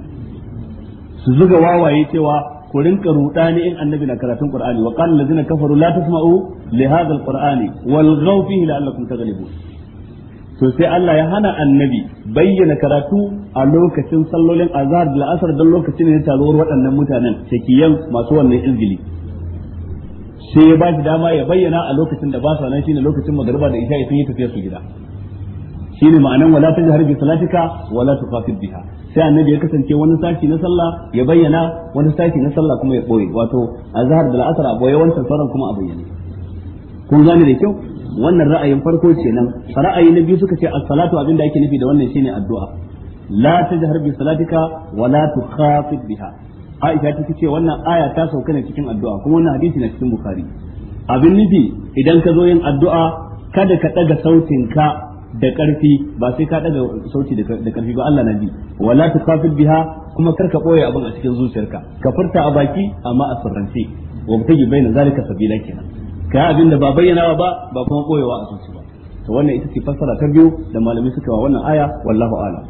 Speaker 1: su zuga wawaye cewa ku rinka rudani in annabi na karatun qur'ani wa qala allazina kafaru la tasma'u li hadha alqur'ani wal fihi la'allakum taghlibun to sai Allah ya hana annabi bayyana karatu a lokacin sallolin azhar da la'asar don lokacin ne taruwar waɗannan mutanen shakiyan masu wannan izgili sai ya ba shi dama ya bayyana a lokacin da ba sa nan shine lokacin magariba da isha'i sun yi tafiya su gida shine ma'anan wala tajhar bi salatika wala tufafid biha sai annabi ya kasance wani sashi na sallah ya bayyana wani sashi na sallah kuma ya boye wato azhar da la'asar a boye wancan sauran kuma a bayyane kun gane da kyau wannan ra'ayin farko kenan ra'ayi na biyu suka ce as-salatu abinda ake nufi da wannan shine addu'a la tajhar bi salatika wa la tukhafid biha Aisha ta ce wannan aya ta sauka ne cikin addu'a kuma wannan hadisi na cikin Bukhari abin nufi idan ka zo yin addu'a kada ka daga sautinka da ƙarfi ba sai ka daga sauti da ƙarfi ba Allah na ji wala tukafid biha kuma kar ka boye abin a cikin zuciyarka ka furta a baki amma a sirrance wa mutaji baina zalika sabila kenan ka abin da ba bayyanawa ba ba kuma koyewa a zuci ba to wannan ita ce fassara ta biyu da malamai suka wa wannan aya wallahu a'lam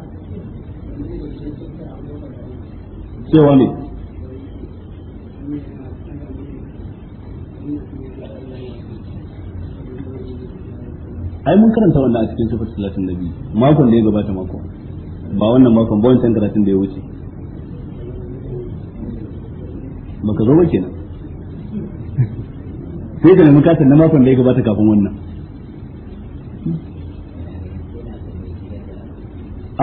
Speaker 1: cewa ne ai mun karanta wannan a cikin sifar salatin nabi makon da ya gabata makon ba wannan makon ba wancan karatun da ya wuce Maka zo kenan sai da nemi katin na makon da ya gabata kafin wannan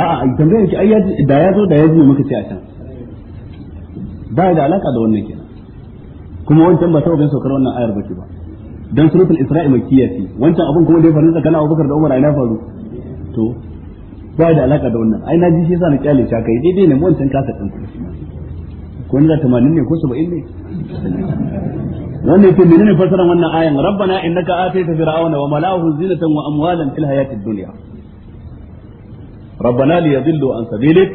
Speaker 1: a'a tambayar ki ai da ya zo da ya zo muka ce a can ba da alaka da wannan kenan kuma wancan ba sababin saukar wannan ayar ba ba dan suratul isra'i makkiya ce wancan abin kuma da ya faru tsakanin Abubakar da Umar a na faru to ba da alaka da wannan ai na ji shi yasa na kyale ta kai daidai ne wancan kasa din ko ni da 80 ne ko 70 ne wannan yake menene fasaran wannan ayan rabbana innaka ataita fir'auna wa mala'ahu zinatan wa amwalan fil hayatid dunya rabbana liyadillu an sabilik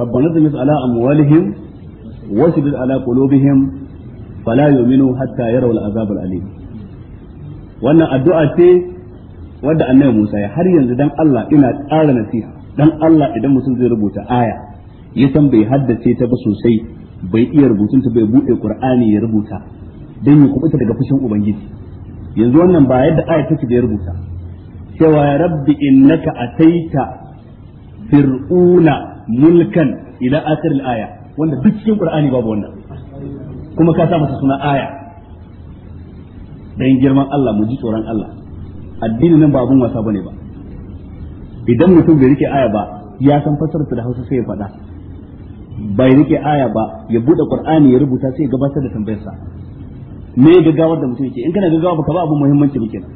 Speaker 1: rabbana tumis ala amwalihim wa shidid ala qulubihim fala yu'minu hatta yaraw al'azab al'alim wannan addu'a ce wanda annabi Musa ya har yanzu dan Allah ina ƙara nasiha dan Allah idan mutum zai rubuta aya ya san bai haddace ta ba sosai bai iya rubutunta bai bude qur'ani ya rubuta don ya kubuta daga fushin ubangiji yanzu wannan ba yadda aya take da ya rubuta cewa rabbi innaka ataita fir'una mulkan ila akhir al-aya wanda duk cikin qur'ani babu wannan kuma ka sa masa suna aya dan girman Allah mu ji tsoron Allah addini nan ba abun wasa bane ba idan mutum bai rike aya ba ya san fasarta da Hausa sai ya faɗa bai rike aya ba ya bude qur'ani ya rubuta sai ya gabatar da tambayarsa me gaggawar da mutum yake in kana gaggawa baka ba abun muhimmanci ba kenan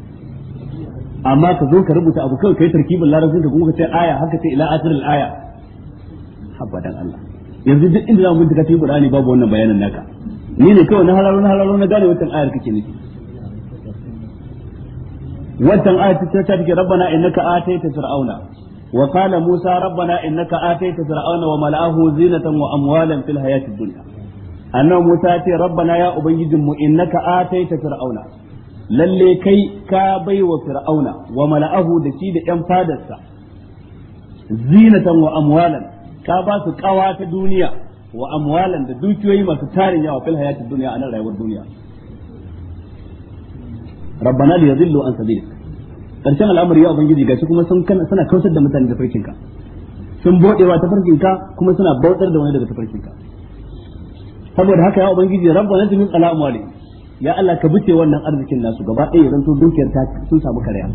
Speaker 1: amma ka zo ka rubuta abu kawai kai tarkibin larabcin ka kuma ka ce aya haka sai ila asr al aya abadan Allah yanzu duk inda zamu bintika cikin Qur'ani babu wannan bayanin naka ni ne kawai na halalo na halalo na gane wannan ayar kake nufi wannan ayar ta ta take rabbana innaka ataita fir'auna wa qala musa rabbana innaka ataita fir'auna wa mala'ahu zinatan wa amwalan fil hayatid dunya annabi Musa ya ce rabbana ya ubangijin mu innaka ataita fir'auna lalle kai ka baiwa fir'auna wa mala'ahu da shi da yan fadarsa zinatan wa amwalan ka ba su kawa ta duniya wa amwalan da dukiyoyi masu tarin yawa fil hayatid duniya a nan rayuwar duniya rabbana li yadhillu an sabilik karshen al'amari ya ubangiji gashi kuma sun suna kautar da mutane da farkinka sun bodewa ta farkinka kuma suna bautar da wani daga ta farkinka saboda haka ya ubangiji na tumin ala amwali ya Allah ka bice wannan arzikin nasu gaba ɗaya ya zanto dukiyar ta sun samu karya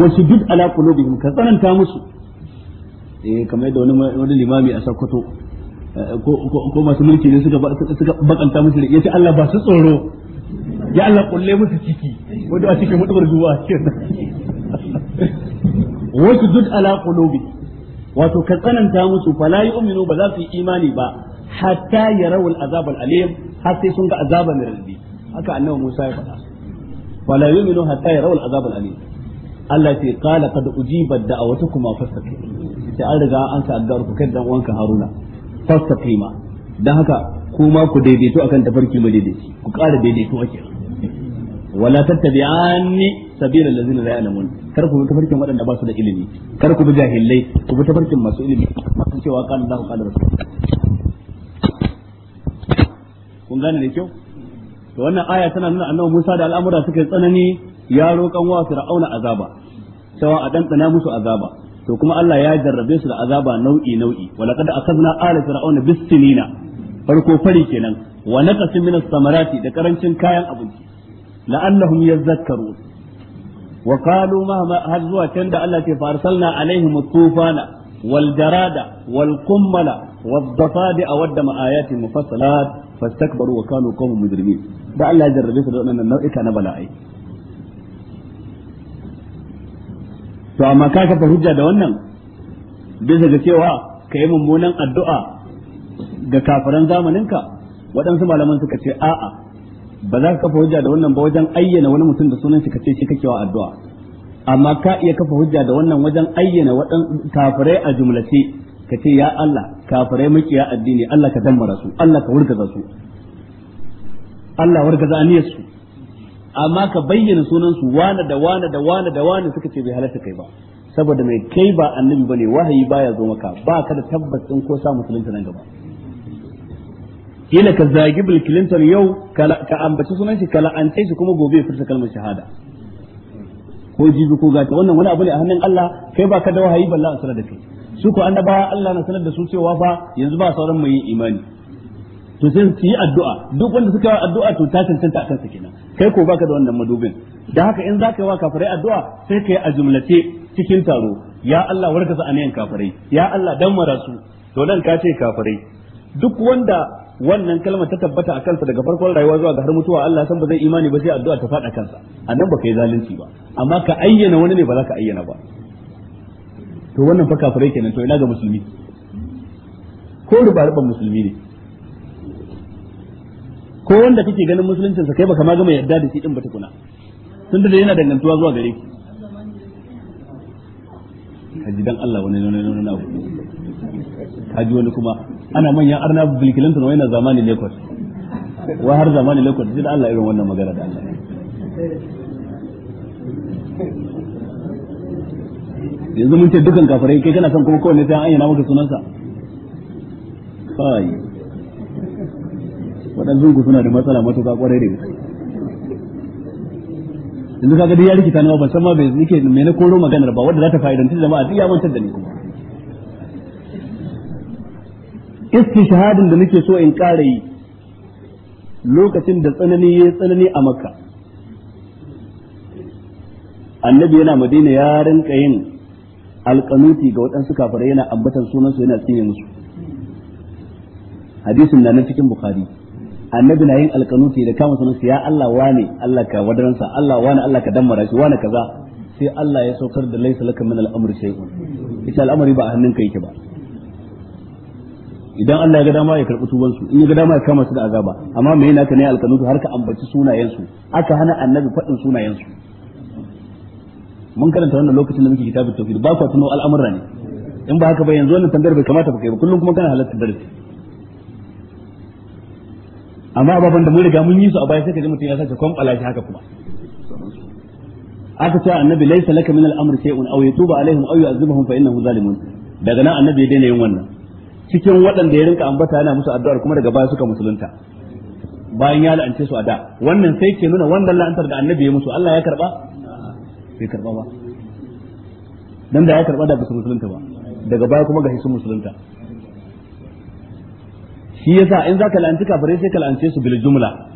Speaker 1: wasu duk ala qulubihim ka tsananta musu eh kamar yadda wani wani limami a Sokoto eh, ko masu mulki ne suka suka bakanta musu yace Allah ba su tsoro ya Allah kulle musu ciki wanda a cikin mutuwar duwa wasu duk ala qulubi wato ka tsananta musu fa fala yu'minu ba za su yi imani ba hatta ya al-azab al-alim har sai sun ga azaba mai rabbi haka annabi Musa ya faɗa wala yu'minu hatta ya al-azab al-alim Allah ce qala qad ujibat da'awatukuma fastaqim sai an riga an sa addu'ar ku kai dan uwanka Haruna fastaqima dan haka kuma ku daidaito akan tafarki mu daidaici ku ƙara daidaito ake wala tattabi'anni sabila allazina la ya'lamun kar ku bi tafarkin waɗanda ba su da ilimi kar ku bi jahilai ku bi tafarkin masu ilimi masu cewa qala Allahu qala rasul kun gane da kyau to wannan aya tana nuna annabi Musa da al'amura suka tsanani ya roƙan wa Fir'auna azaba cewa a ɗanɗana musu azaba to kuma Allah ya jarrabe su da azaba nau'i nau'i walaqad akhadna ala fir'auna bis farko fari kenan wa naqasin samarati da karancin kayan abinci la'allahum yadhakkarun wa qalu ma har zuwa can da Allah ke farsalna alaihim tufana wal jarada wal wadda wad dafadi awadda ayatin mufassalat fastakbaru wa kanu qawmun mujrimin da Allah ya jarrabe su da wannan nau'ika na bala'ai to amma ka kafa hujja da wannan bisa ga cewa ka yi mummunan addu'a ga kafiran zamaninka waɗansu malaman suka ce a'a ba za ka kafa hujja da wannan ba wajen ayyana wani mutum da sunan shi kace shi kake wa addu'a amma ka iya kafa hujja da wannan wajen ayyana waɗan kafirai a jumlace ka ce ya Allah kafirai makiya addini Allah ka dammara su Allah ka wargaza su Allah wargaza aniyar su amma ka bayyana sunan su wane da wane da wane da wane suka ce bai halarta kai ba saboda mai kai ba annabi bane wahayi baya zo maka ba ka da tabbas din ko sa musulunta nan gaba kila ka zagi Bill Clinton yau ka ambaci sunan shi kala an la'ance shi kuma gobe ya furta kalmar shahada ko jibi ko gata wannan wani abu ne a hannun Allah kai ba ka da wahayi balla a sura da kai su ko annabawa Allah na sanar da su cewa fa yanzu ba sauran mai yin imani to sai su yi addu'a duk wanda suka yi addu'a to ta cancanta akan sa kenan kai ko baka da wannan madubin dan haka in zaka yi wa kafirai addu'a sai kai a jumlace cikin taro ya Allah warka sa aniyan kafirai ya Allah dan mara su to nan ka ce kafirai duk wanda wannan kalmar ta tabbata a kansa daga farkon rayuwa zuwa ga har mutuwa Allah san ba zai imani ba sai addu'a ta faɗa kansa a nan ba kai zalunci ba amma ka ayyana wani ne ba za ka ayyana ba to wannan fa kafirai kenan to ina ga musulmi ko ruba ruban musulmi ne ko wanda kake ganin musuluncin sa kai baka ma gama yarda da shi din ba tukuna tunda da yana dangantuwa zuwa gare ki haji dan Allah wani wani na ku haji wani kuma ana manyan arna bilkilanta na wani zamanin Lagos wa har zamanin Lagos sai da Allah irin wannan magana da Allah yanzu mun ce dukan kafirai kai kana son kuma ne sai an ayyana maka sunansa kai waɗansu zungu suna da matsala matuƙa ƙwarai da gaske yanzu kaga dai ya rikita na ban san ma bai yake me na koro maganar ba wanda za ta fa'idanci jama'a duk ya mantar da ni kuma shahadun da nake so in ƙara yi lokacin da tsanani ya tsanani a makka annabi yana madina ya rinka yin alƙanuti ga waɗansu kafirai yana ambatan sunansu yana tsine musu hadisin na nan cikin bukhari annabi na yin alƙanuti da kama sunansa ya Allah wane Allah ka wadaransa Allah wane Allah ka dammara shi wane kaza sai Allah ya saukar da laisa laka min al'amri shay'un ita al'amari ba a hannunka yake ba idan Allah ya ga dama ya karɓi tubansu in ya ga dama ya kama su da azaba amma me yana ka ne alƙanuti har ka ambaci sunayensu aka hana annabi faɗin sunayensu mun karanta wannan lokacin da muke kitabut tauhid ba ku tuno al'amura ne in ba haka ba yanzu wannan tambayar bai kamata ba kai ba kullum kuma kana halatta darasi amma ababan da mun riga mun yi su a baya sai ka ji mutum ya sace kwamfala shi haka kuma aka ce annabi laysa laka min al-amri shay'un aw yatuba alaihim aw yu'azibuhum fa innahu zalimun daga nan annabi ya daina yin wannan cikin waɗanda ya rinka ambata yana musu addu'ar kuma daga baya suka musulunta bayan ya la'ance su a da wannan sai ke nuna wannan la'antar da annabi ya musu Allah ya karba bai karɓa ba dan da ya karɓa da basu musulunta ba daga baya kuma ga sun musulunta shi yasa in zaka la'anci kafirai sai ka la'ance su bil jumla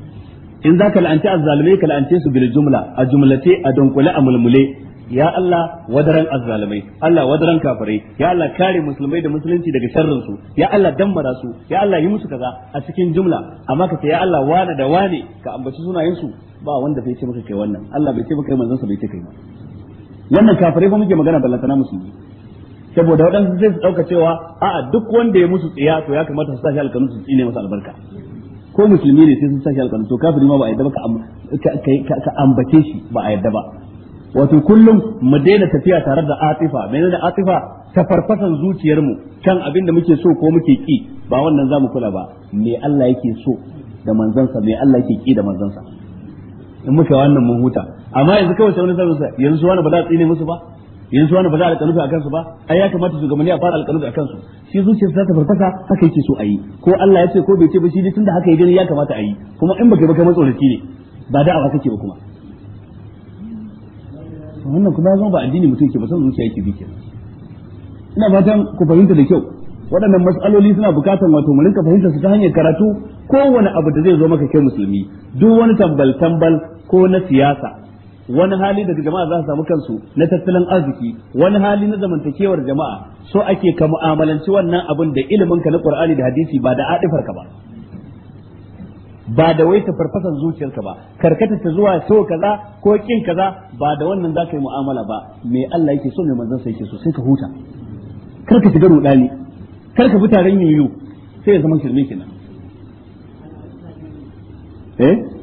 Speaker 1: in zaka la'anci azzalimai ka la'ance su bil jumla a jumlace a dunkule a mulmule ya Allah wadaran azzalimai Allah wadaran kafirai ya Allah kare musulmai da musulunci daga sharrin su ya Allah dammara su ya Allah yi musu kaza a cikin jumla amma ka ce ya Allah wane da wane ka ambaci sunayen su ba wanda bai ce maka kai wannan Allah bai ce maka kai manzon sa bai ce kai ba wannan kafirai fa muke magana ballantana musulmi saboda waɗansu sai su ɗauka cewa a'a duk wanda ya musu tsiya to ya kamata su sashi alkanu su tsine masa albarka ko musulmi ne sai sun sashi alkanu to kafiri ma ba a yadda ba ka ambace shi ba a yadda ba wato kullum mu daina tafiya tare da atifa menene da atifa ta farfasan zuciyar mu kan abin da muke so ko muke ki ba wannan zamu kula ba me Allah yake so da manzansa me Allah yake ki da manzansa in muka wannan mun huta amma yanzu kawai sai wani sabon sa yanzu wani ba za a tsine musu ba yanzu wani ba za a alƙanufi a kansu ba ai ya kamata shugabanni a fara alƙanufi a kansu shi zuciyar za ta farfasa haka yake so a yi ko Allah ya ce ko bai ce ba shi dai tunda haka ya gani ya kamata a yi kuma in baka ba kai matsoraci ne ba da'awa kake ba kuma wannan kuma ya zama ba addini mutum ke ba san zuciya yake bi kenan ina fatan ku fahimta da kyau waɗannan mas'aloli suna bukatar wato mu rinka fahimtar su ta hanyar karatu kowane abu da zai zo maka kai musulmi duk wani tambal tambal ko na siyasa wani hali daga jama'a za su samu kansu na tattalin arziki wani hali na zamantakewar jama'a so ake ka mu'amalanci wannan abin da ilimin ka na Qur'ani da hadisi ba da adifar ka ba ba da wai ta farfasan zuciyarka ba karkata ta zuwa so kaza ko kin kaza ba da wannan za ka yi mu'amala ba me Allah yake so me manzon sa yake so sai ka huta kar ka shiga rudani kar ka bi yoyo sai ya zama shirme kenan eh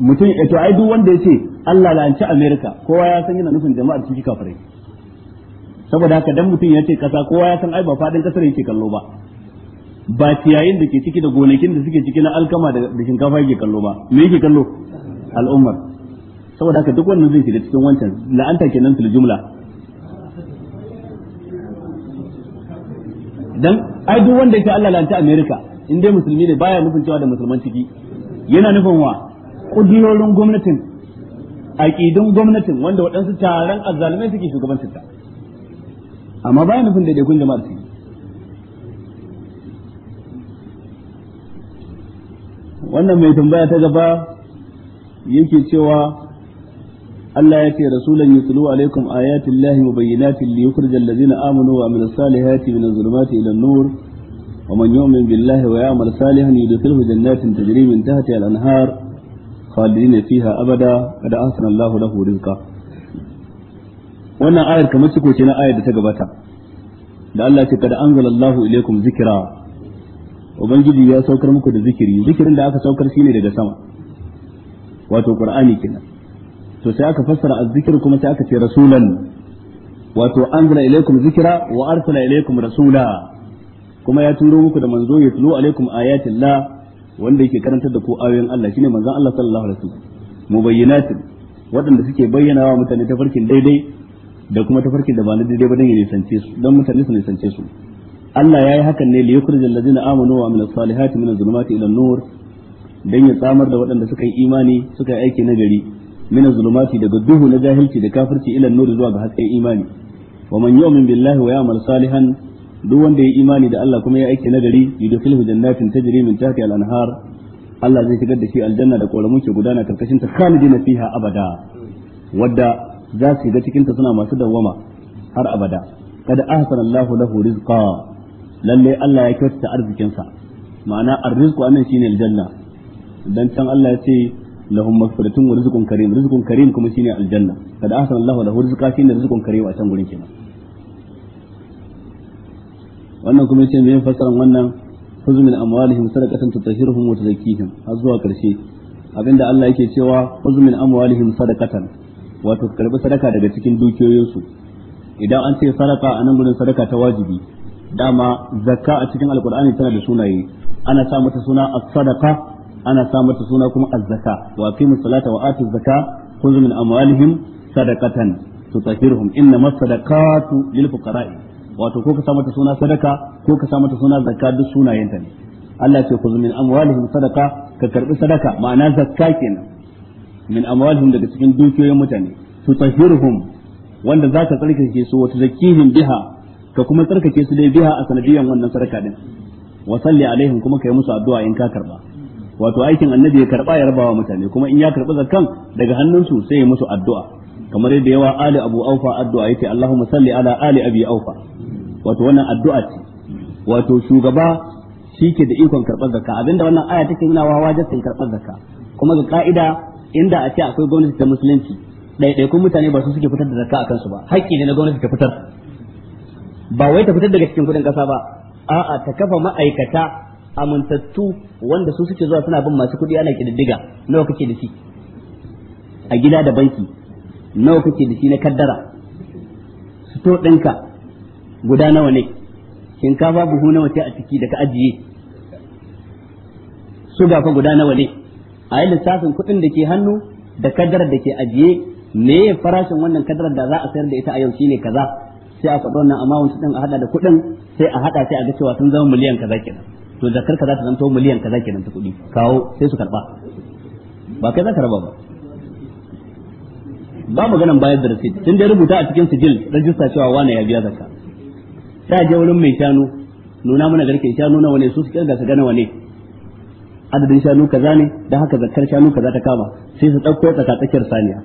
Speaker 1: mutum to ai duk wanda yace Allah la'anci America kowa ya san yana nufin jama'ar ciki kafirai saboda haka dan mutum yace kasa kowa ya san ai ba fadin kasar yake kallo ba ba ciyayin da ke ciki da gonakin da suke ciki na alkama da shinkafa yake kallo ba me yake kallo al'ummar saboda haka duk wannan zai shiga cikin wancan la'anta kenan fil jumla dan ai duk wanda yake Allah lalace America in dai musulmi ne baya nufin cewa da musulman ciki yana nufin wa kudirorin gwamnatin aƙidun gwamnatin wanda waɗansu taron azzalumai suke shugabancin ta amma bayan nufin daidaikun jama'ar su wannan mai tambaya ta gaba yake cewa Allah ya ce rasulan yutlu alaikum ayatin lahi mubayyinatin li yukhrij allazina amanu wa amilus salihati min adh-dhulumati ila an-nur wa man yu'min billahi wa ya'mal salihan yudkhilhu jannatin tajri min tahtiha al-anhar khalidina fiha abada kada ahsana Allahu lahu rizqa wannan ayar kamar ciko na ayar da ta gabata da Allah ce kada anzalallahu ilaikum zikra ubangiji ya saukar muku da zikiri zikirin da aka saukar shine daga sama wato qur'ani kenan to aka fassara azzikir kuma sai aka ce rasulan wato anzala ilaikum zikra wa arsala ilaikum rasula kuma ya turo muku da manzo ya tulo wanda yake karantar da ku ayoyin Allah shine manzon Allah sallallahu alaihi wasallam mubayyinatin waɗanda suke bayyana wa mutane tafarkin daidai da kuma tafarkin da ba na daidai ba dan ya nisance su dan mutane su nisance su Allah yayi hakan ne li yukhrijal ladina amanu wa amilus salihati min adh-dhulumati ila an-nur dan ya tsamar da waɗanda suka yi imani suka yi aiki na gari min adh-dhulumati daga duhu na jahilci da kafirci ila an-nur zuwa ga hasken imani wa man yu'min billahi wa ya'mal salihan duk wanda ya imani da Allah kuma ya aike nagari yudkhilhu jannatin tajri min tahtiha al-anhar Allah zai shigar da shi aljanna da koramun ke gudana karkashin ta khalidina fiha abada wadda za su ga cikin ta suna masu dawwama har abada Kada ahsana Allahu lahu rizqa lalle Allah ya kyautata arzikin sa ma'ana arrizqu anan shine aljanna dan can Allah ya ce lahum maghfiratun wa rizqun karim rizqun karim kuma shine aljanna kada ahsana Allahu lahu rizqa shine rizqun karim a can gurin kenan wannan kuma yace me fasaran wannan huzmin amwalihim sadaqatan tutahhiruhum wa tuzakkihim har zuwa karshe abinda Allah yake cewa huzmin amwalihim sadaqatan wato karbi sadaka daga cikin dukiyoyinsu idan an ce sadaka a nan gurin sadaka ta wajibi dama zakka a cikin alkur'ani tana da sunaye ana sa mata suna as-sadaqa ana sa mata suna kuma az-zakka wa aqimu salata wa atu zakka khudhu min amwalihim sadaqatan tutahhiruhum inna as-sadaqatu lil fuqara'i wato ko ka sa mata suna sadaka ko ka sa mata suna zakka duk sunayenta ne Allah ce kuzu min amwalihim sadaka ka karbi sadaka ma'ana zakka kenan min amwalihim daga cikin dukiyoyin mutane tutahhiruhum wanda ka tsarkake su wata zakihim biha ka kuma tsarkake su dai biha a sanadiyan wannan sadaka din wa salli alaihim kuma kai musu addu'a in ka karba wato aikin annabi ya karba ya rabawa mutane kuma in ya karba zakkan daga hannunsu sai ya musu addu'a kamar yadda yawa ali abu aufa addu'a yake allahumma salli ala ali abi aufa wato wannan addu'a ce wato shugaba shi ke da ikon karɓar zakka abinda wannan aya take nuna wa sai karɓar zakka kuma ga ka'ida inda a ce akwai gwamnati ta musulunci ɗaiɗaikun mutane ba su suke fitar da zakka a kansu ba haƙƙi ne na gwamnati ta fitar ba wai ta fitar daga cikin kuɗin ƙasa ba a'a ta kafa ma'aikata amintattu wanda su suke zuwa suna bin masu kuɗi ana ƙididdiga nawa kake da shi a gida da banki nawa kake da shi na kaddara sito ɗinka guda nawa ne shinkafa buhu nawa ce a ciki da ka ajiye suga fa guda nawa ne a yi lissafin kuɗin da ke hannu da kadarar da ke ajiye me ya farashin wannan kadarar da za a sayar da ita a yau shine kaza sai a faɗi wannan amount din a hada da kuɗin sai a hada sai a ga cewa sun zama miliyan kaza kenan to zakar kaza ta zanto miliyan kaza kenan ta kuɗi kawo sai su karba ba kai za ka raba ba ba maganan bayar da rasid tun da rubuta a cikin sijil rajista cewa wane ya biya zakka ta je wurin mai shanu nuna mana garken shanu nawa ne su su kirga su gana wane adadin shanu kaza ne da haka zakar shanu kaza ta kama sai su ɗauko tsaka tsakiyar saniya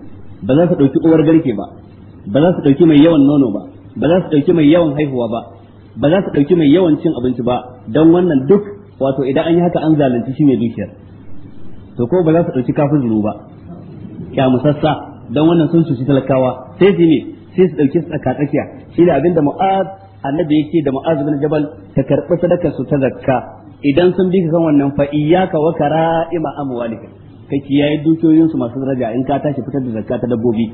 Speaker 1: ba za su ɗauki uwar garke ba ba za su ɗauki mai yawan nono ba ba za su ɗauki mai yawan haihuwa ba ba za su ɗauki mai yawan cin abinci ba don wannan duk wato idan an yi haka an zalunci shi mai dukiyar to ko ba za su ɗauki kafin zuru ba kyamusassa don wannan sun cuci talakawa sai su ne sai su ɗauki tsaka tsakiya shi da abinda mu'ad annabi yake da mu'az bin jabal ka karbi sadakar su ta zakka idan sun bi ka kan wannan fa iyyaka wa kara'ima amwalika ka kiyaye dukiyoyin su masu daraja in ka tashi fitar da zakka ta dabbobi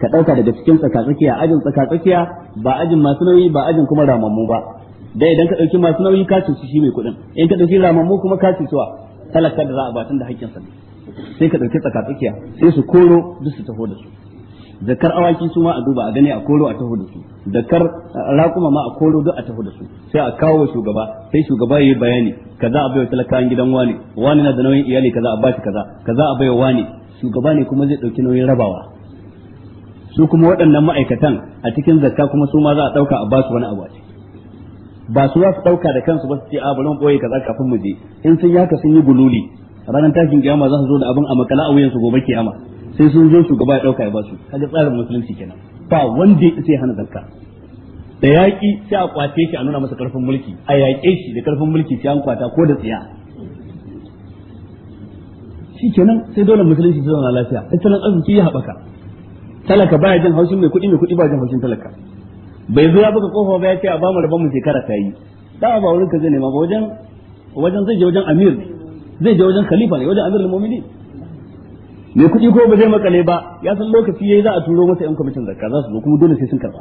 Speaker 1: ka dauka daga cikin tsaka tsakiya ajin tsaka tsakiya ba ajin masu nauyi ba ajin kuma ramammu ba dai idan ka dauki masu nauyi ka ci shi mai kuɗin in ka dauki ramammu kuma ka suwa talaka da za a batun da hakkin sa sai ka dauki tsaka tsakiya sai su koro duk su taho da su zakar awaki su ma a duba a gani a koro a taho da su da kar raƙuma ma a koro duk a tafi da su sai a kawo shugaba sai shugaba yayi bayani kaza a baiwa talakawan gidan wani wani na da nauyin iyali kaza a bashi kaza kaza a bayar wani shugaba ne kuma zai dauki nauyin rabawa su kuma waɗannan ma'aikatan a cikin zakka kuma su ma za a dauka a basu wani abu a ciki ba su za su dauka da kansu ba su ce a bari mu boye kaza kafin mu je in sun yi haka sun yi gululi ranar tashin kiyama za su zo da abin a makala a wuyan su gobe kiyama sai sun zo shugaba ya dauka ya basu kaga tsarin musulunci kenan ba wanda ya sai hana zakka da yaƙi sai a kwace shi a nuna masa karfin mulki a yaƙe shi da karfin mulki sai an kwata ko da tsiya shi kenan sai dole musulunci su zauna lafiya tattalin arziki ya haɓaka talaka baya jin haushin mai kuɗi mai kuɗi baya jin haushin talaka bai zo ya buga kofa ba ya ce a bamu rabon mu shekara ta yi da ba wurin ka zai nema ba wajen wajen zai je wajen amir zai je wajen khalifa ne wajen amir al-mu'minin mai kuɗi ko ba zai makale ba ya san lokaci yayi za a turo masa yan kwamitin zakka za su zo kuma dole sai sun karba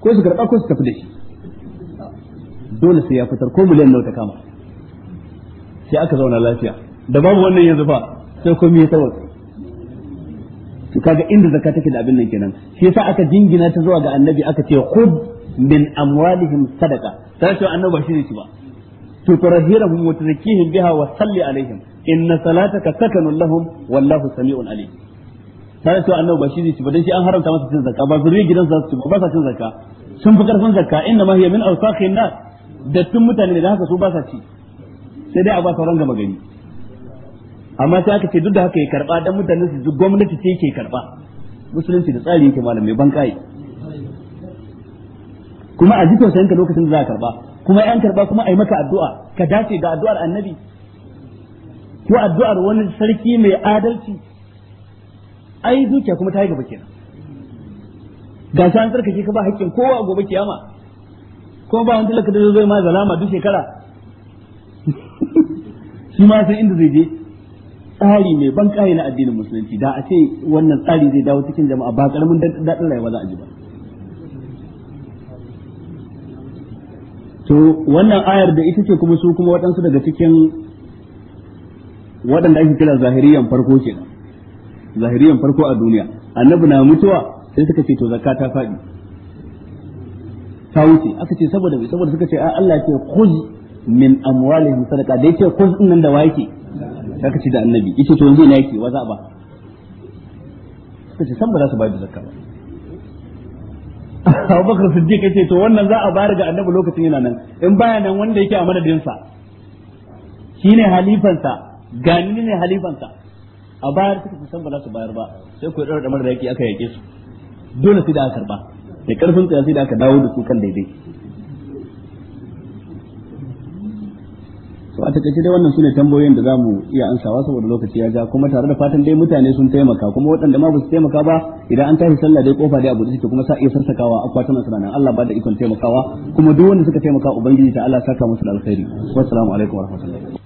Speaker 1: ko su karba ko su tafi da shi dole sai ya fitar ko miliyan nawa ta kama sai aka zauna lafiya da babu wannan yanzu fa sai komai ya tawaye to kaga inda zakka take da abin nan kenan shi yasa aka jingina ta zuwa ga annabi aka ce khud min amwalihim sadaqa sai to annabi shi ne shi ba to tarahirahum wa tazkihim biha wa salli alaihim inna salataka sakanun lahum wallahu sami'un alim sai to annabi ba shi ne ba dan shi an haramta masa cin zakka ba gidan gidansa su ba sa cin zakka sun fi karfin zakka inna ma hiya min awsakhin nas dattin mutane ne da haka su ba sa ci sai dai a ba sauran gama gari amma sai aka ce duk da haka ya karba dan mutanen su gwamnati ce ke karba musulunci da tsari yake malam mai bankai kuma a ji tausayin ka lokacin da za ka karba kuma yan karba kuma a yi maka addu'a ka dace ga addu'ar annabi ko addu'ar wani sarki mai adalci ai zuciya kuma ta yi gaba kenan ga shi an ka ba hakkin kowa a gobe kiyama ko ba wani talaka da zai ma zalama duk shekara shi ma san inda zai je tsari mai ban kai na addinin musulunci da a ce wannan tsari zai dawo cikin jama'a ba karamin daɗin rayuwa za a ji ba to wannan ayar da ita ce kuma su kuma waɗansu daga cikin waɗanda ake kira zahiriyan farko kenan zahiriyan farko a duniya annabi na mutuwa sai suka ce to zakka ta faɗi ta wuce aka ce saboda bai saboda suka ce a Allah ce khuz min amwalihim sadaqa da yake kuz din nan da wake aka ce da annabi yace to yanzu ina yake wa za ba suka ce san ba za su bayar da zakka ba Abubakar Siddiq yace to wannan za a bayar ga annabi lokacin yana nan in baya nan wanda yake a madadin sa shine halifansa gani ne halifansa a bayar suka fi san ba za su bayar ba sai ku ɗaura ɗamar da yake aka yake su dole sai da aka karba da karfin tsaya sai da aka dawo da su kan daidai to a takaice dai wannan sune tambayoyin da zamu iya ansawa saboda lokaci ya ja kuma tare da fatan dai mutane sun taimaka kuma waɗanda ma ba su taimaka ba idan an tashi sallah dai kofa dai a buɗe kuma sa iya sarsakawa akwatunan suna nan Allah ba da ikon taimakawa kuma duk wanda suka taimaka ubangiji ta Allah saka musu alkhairi wassalamu alaikum warahmatullahi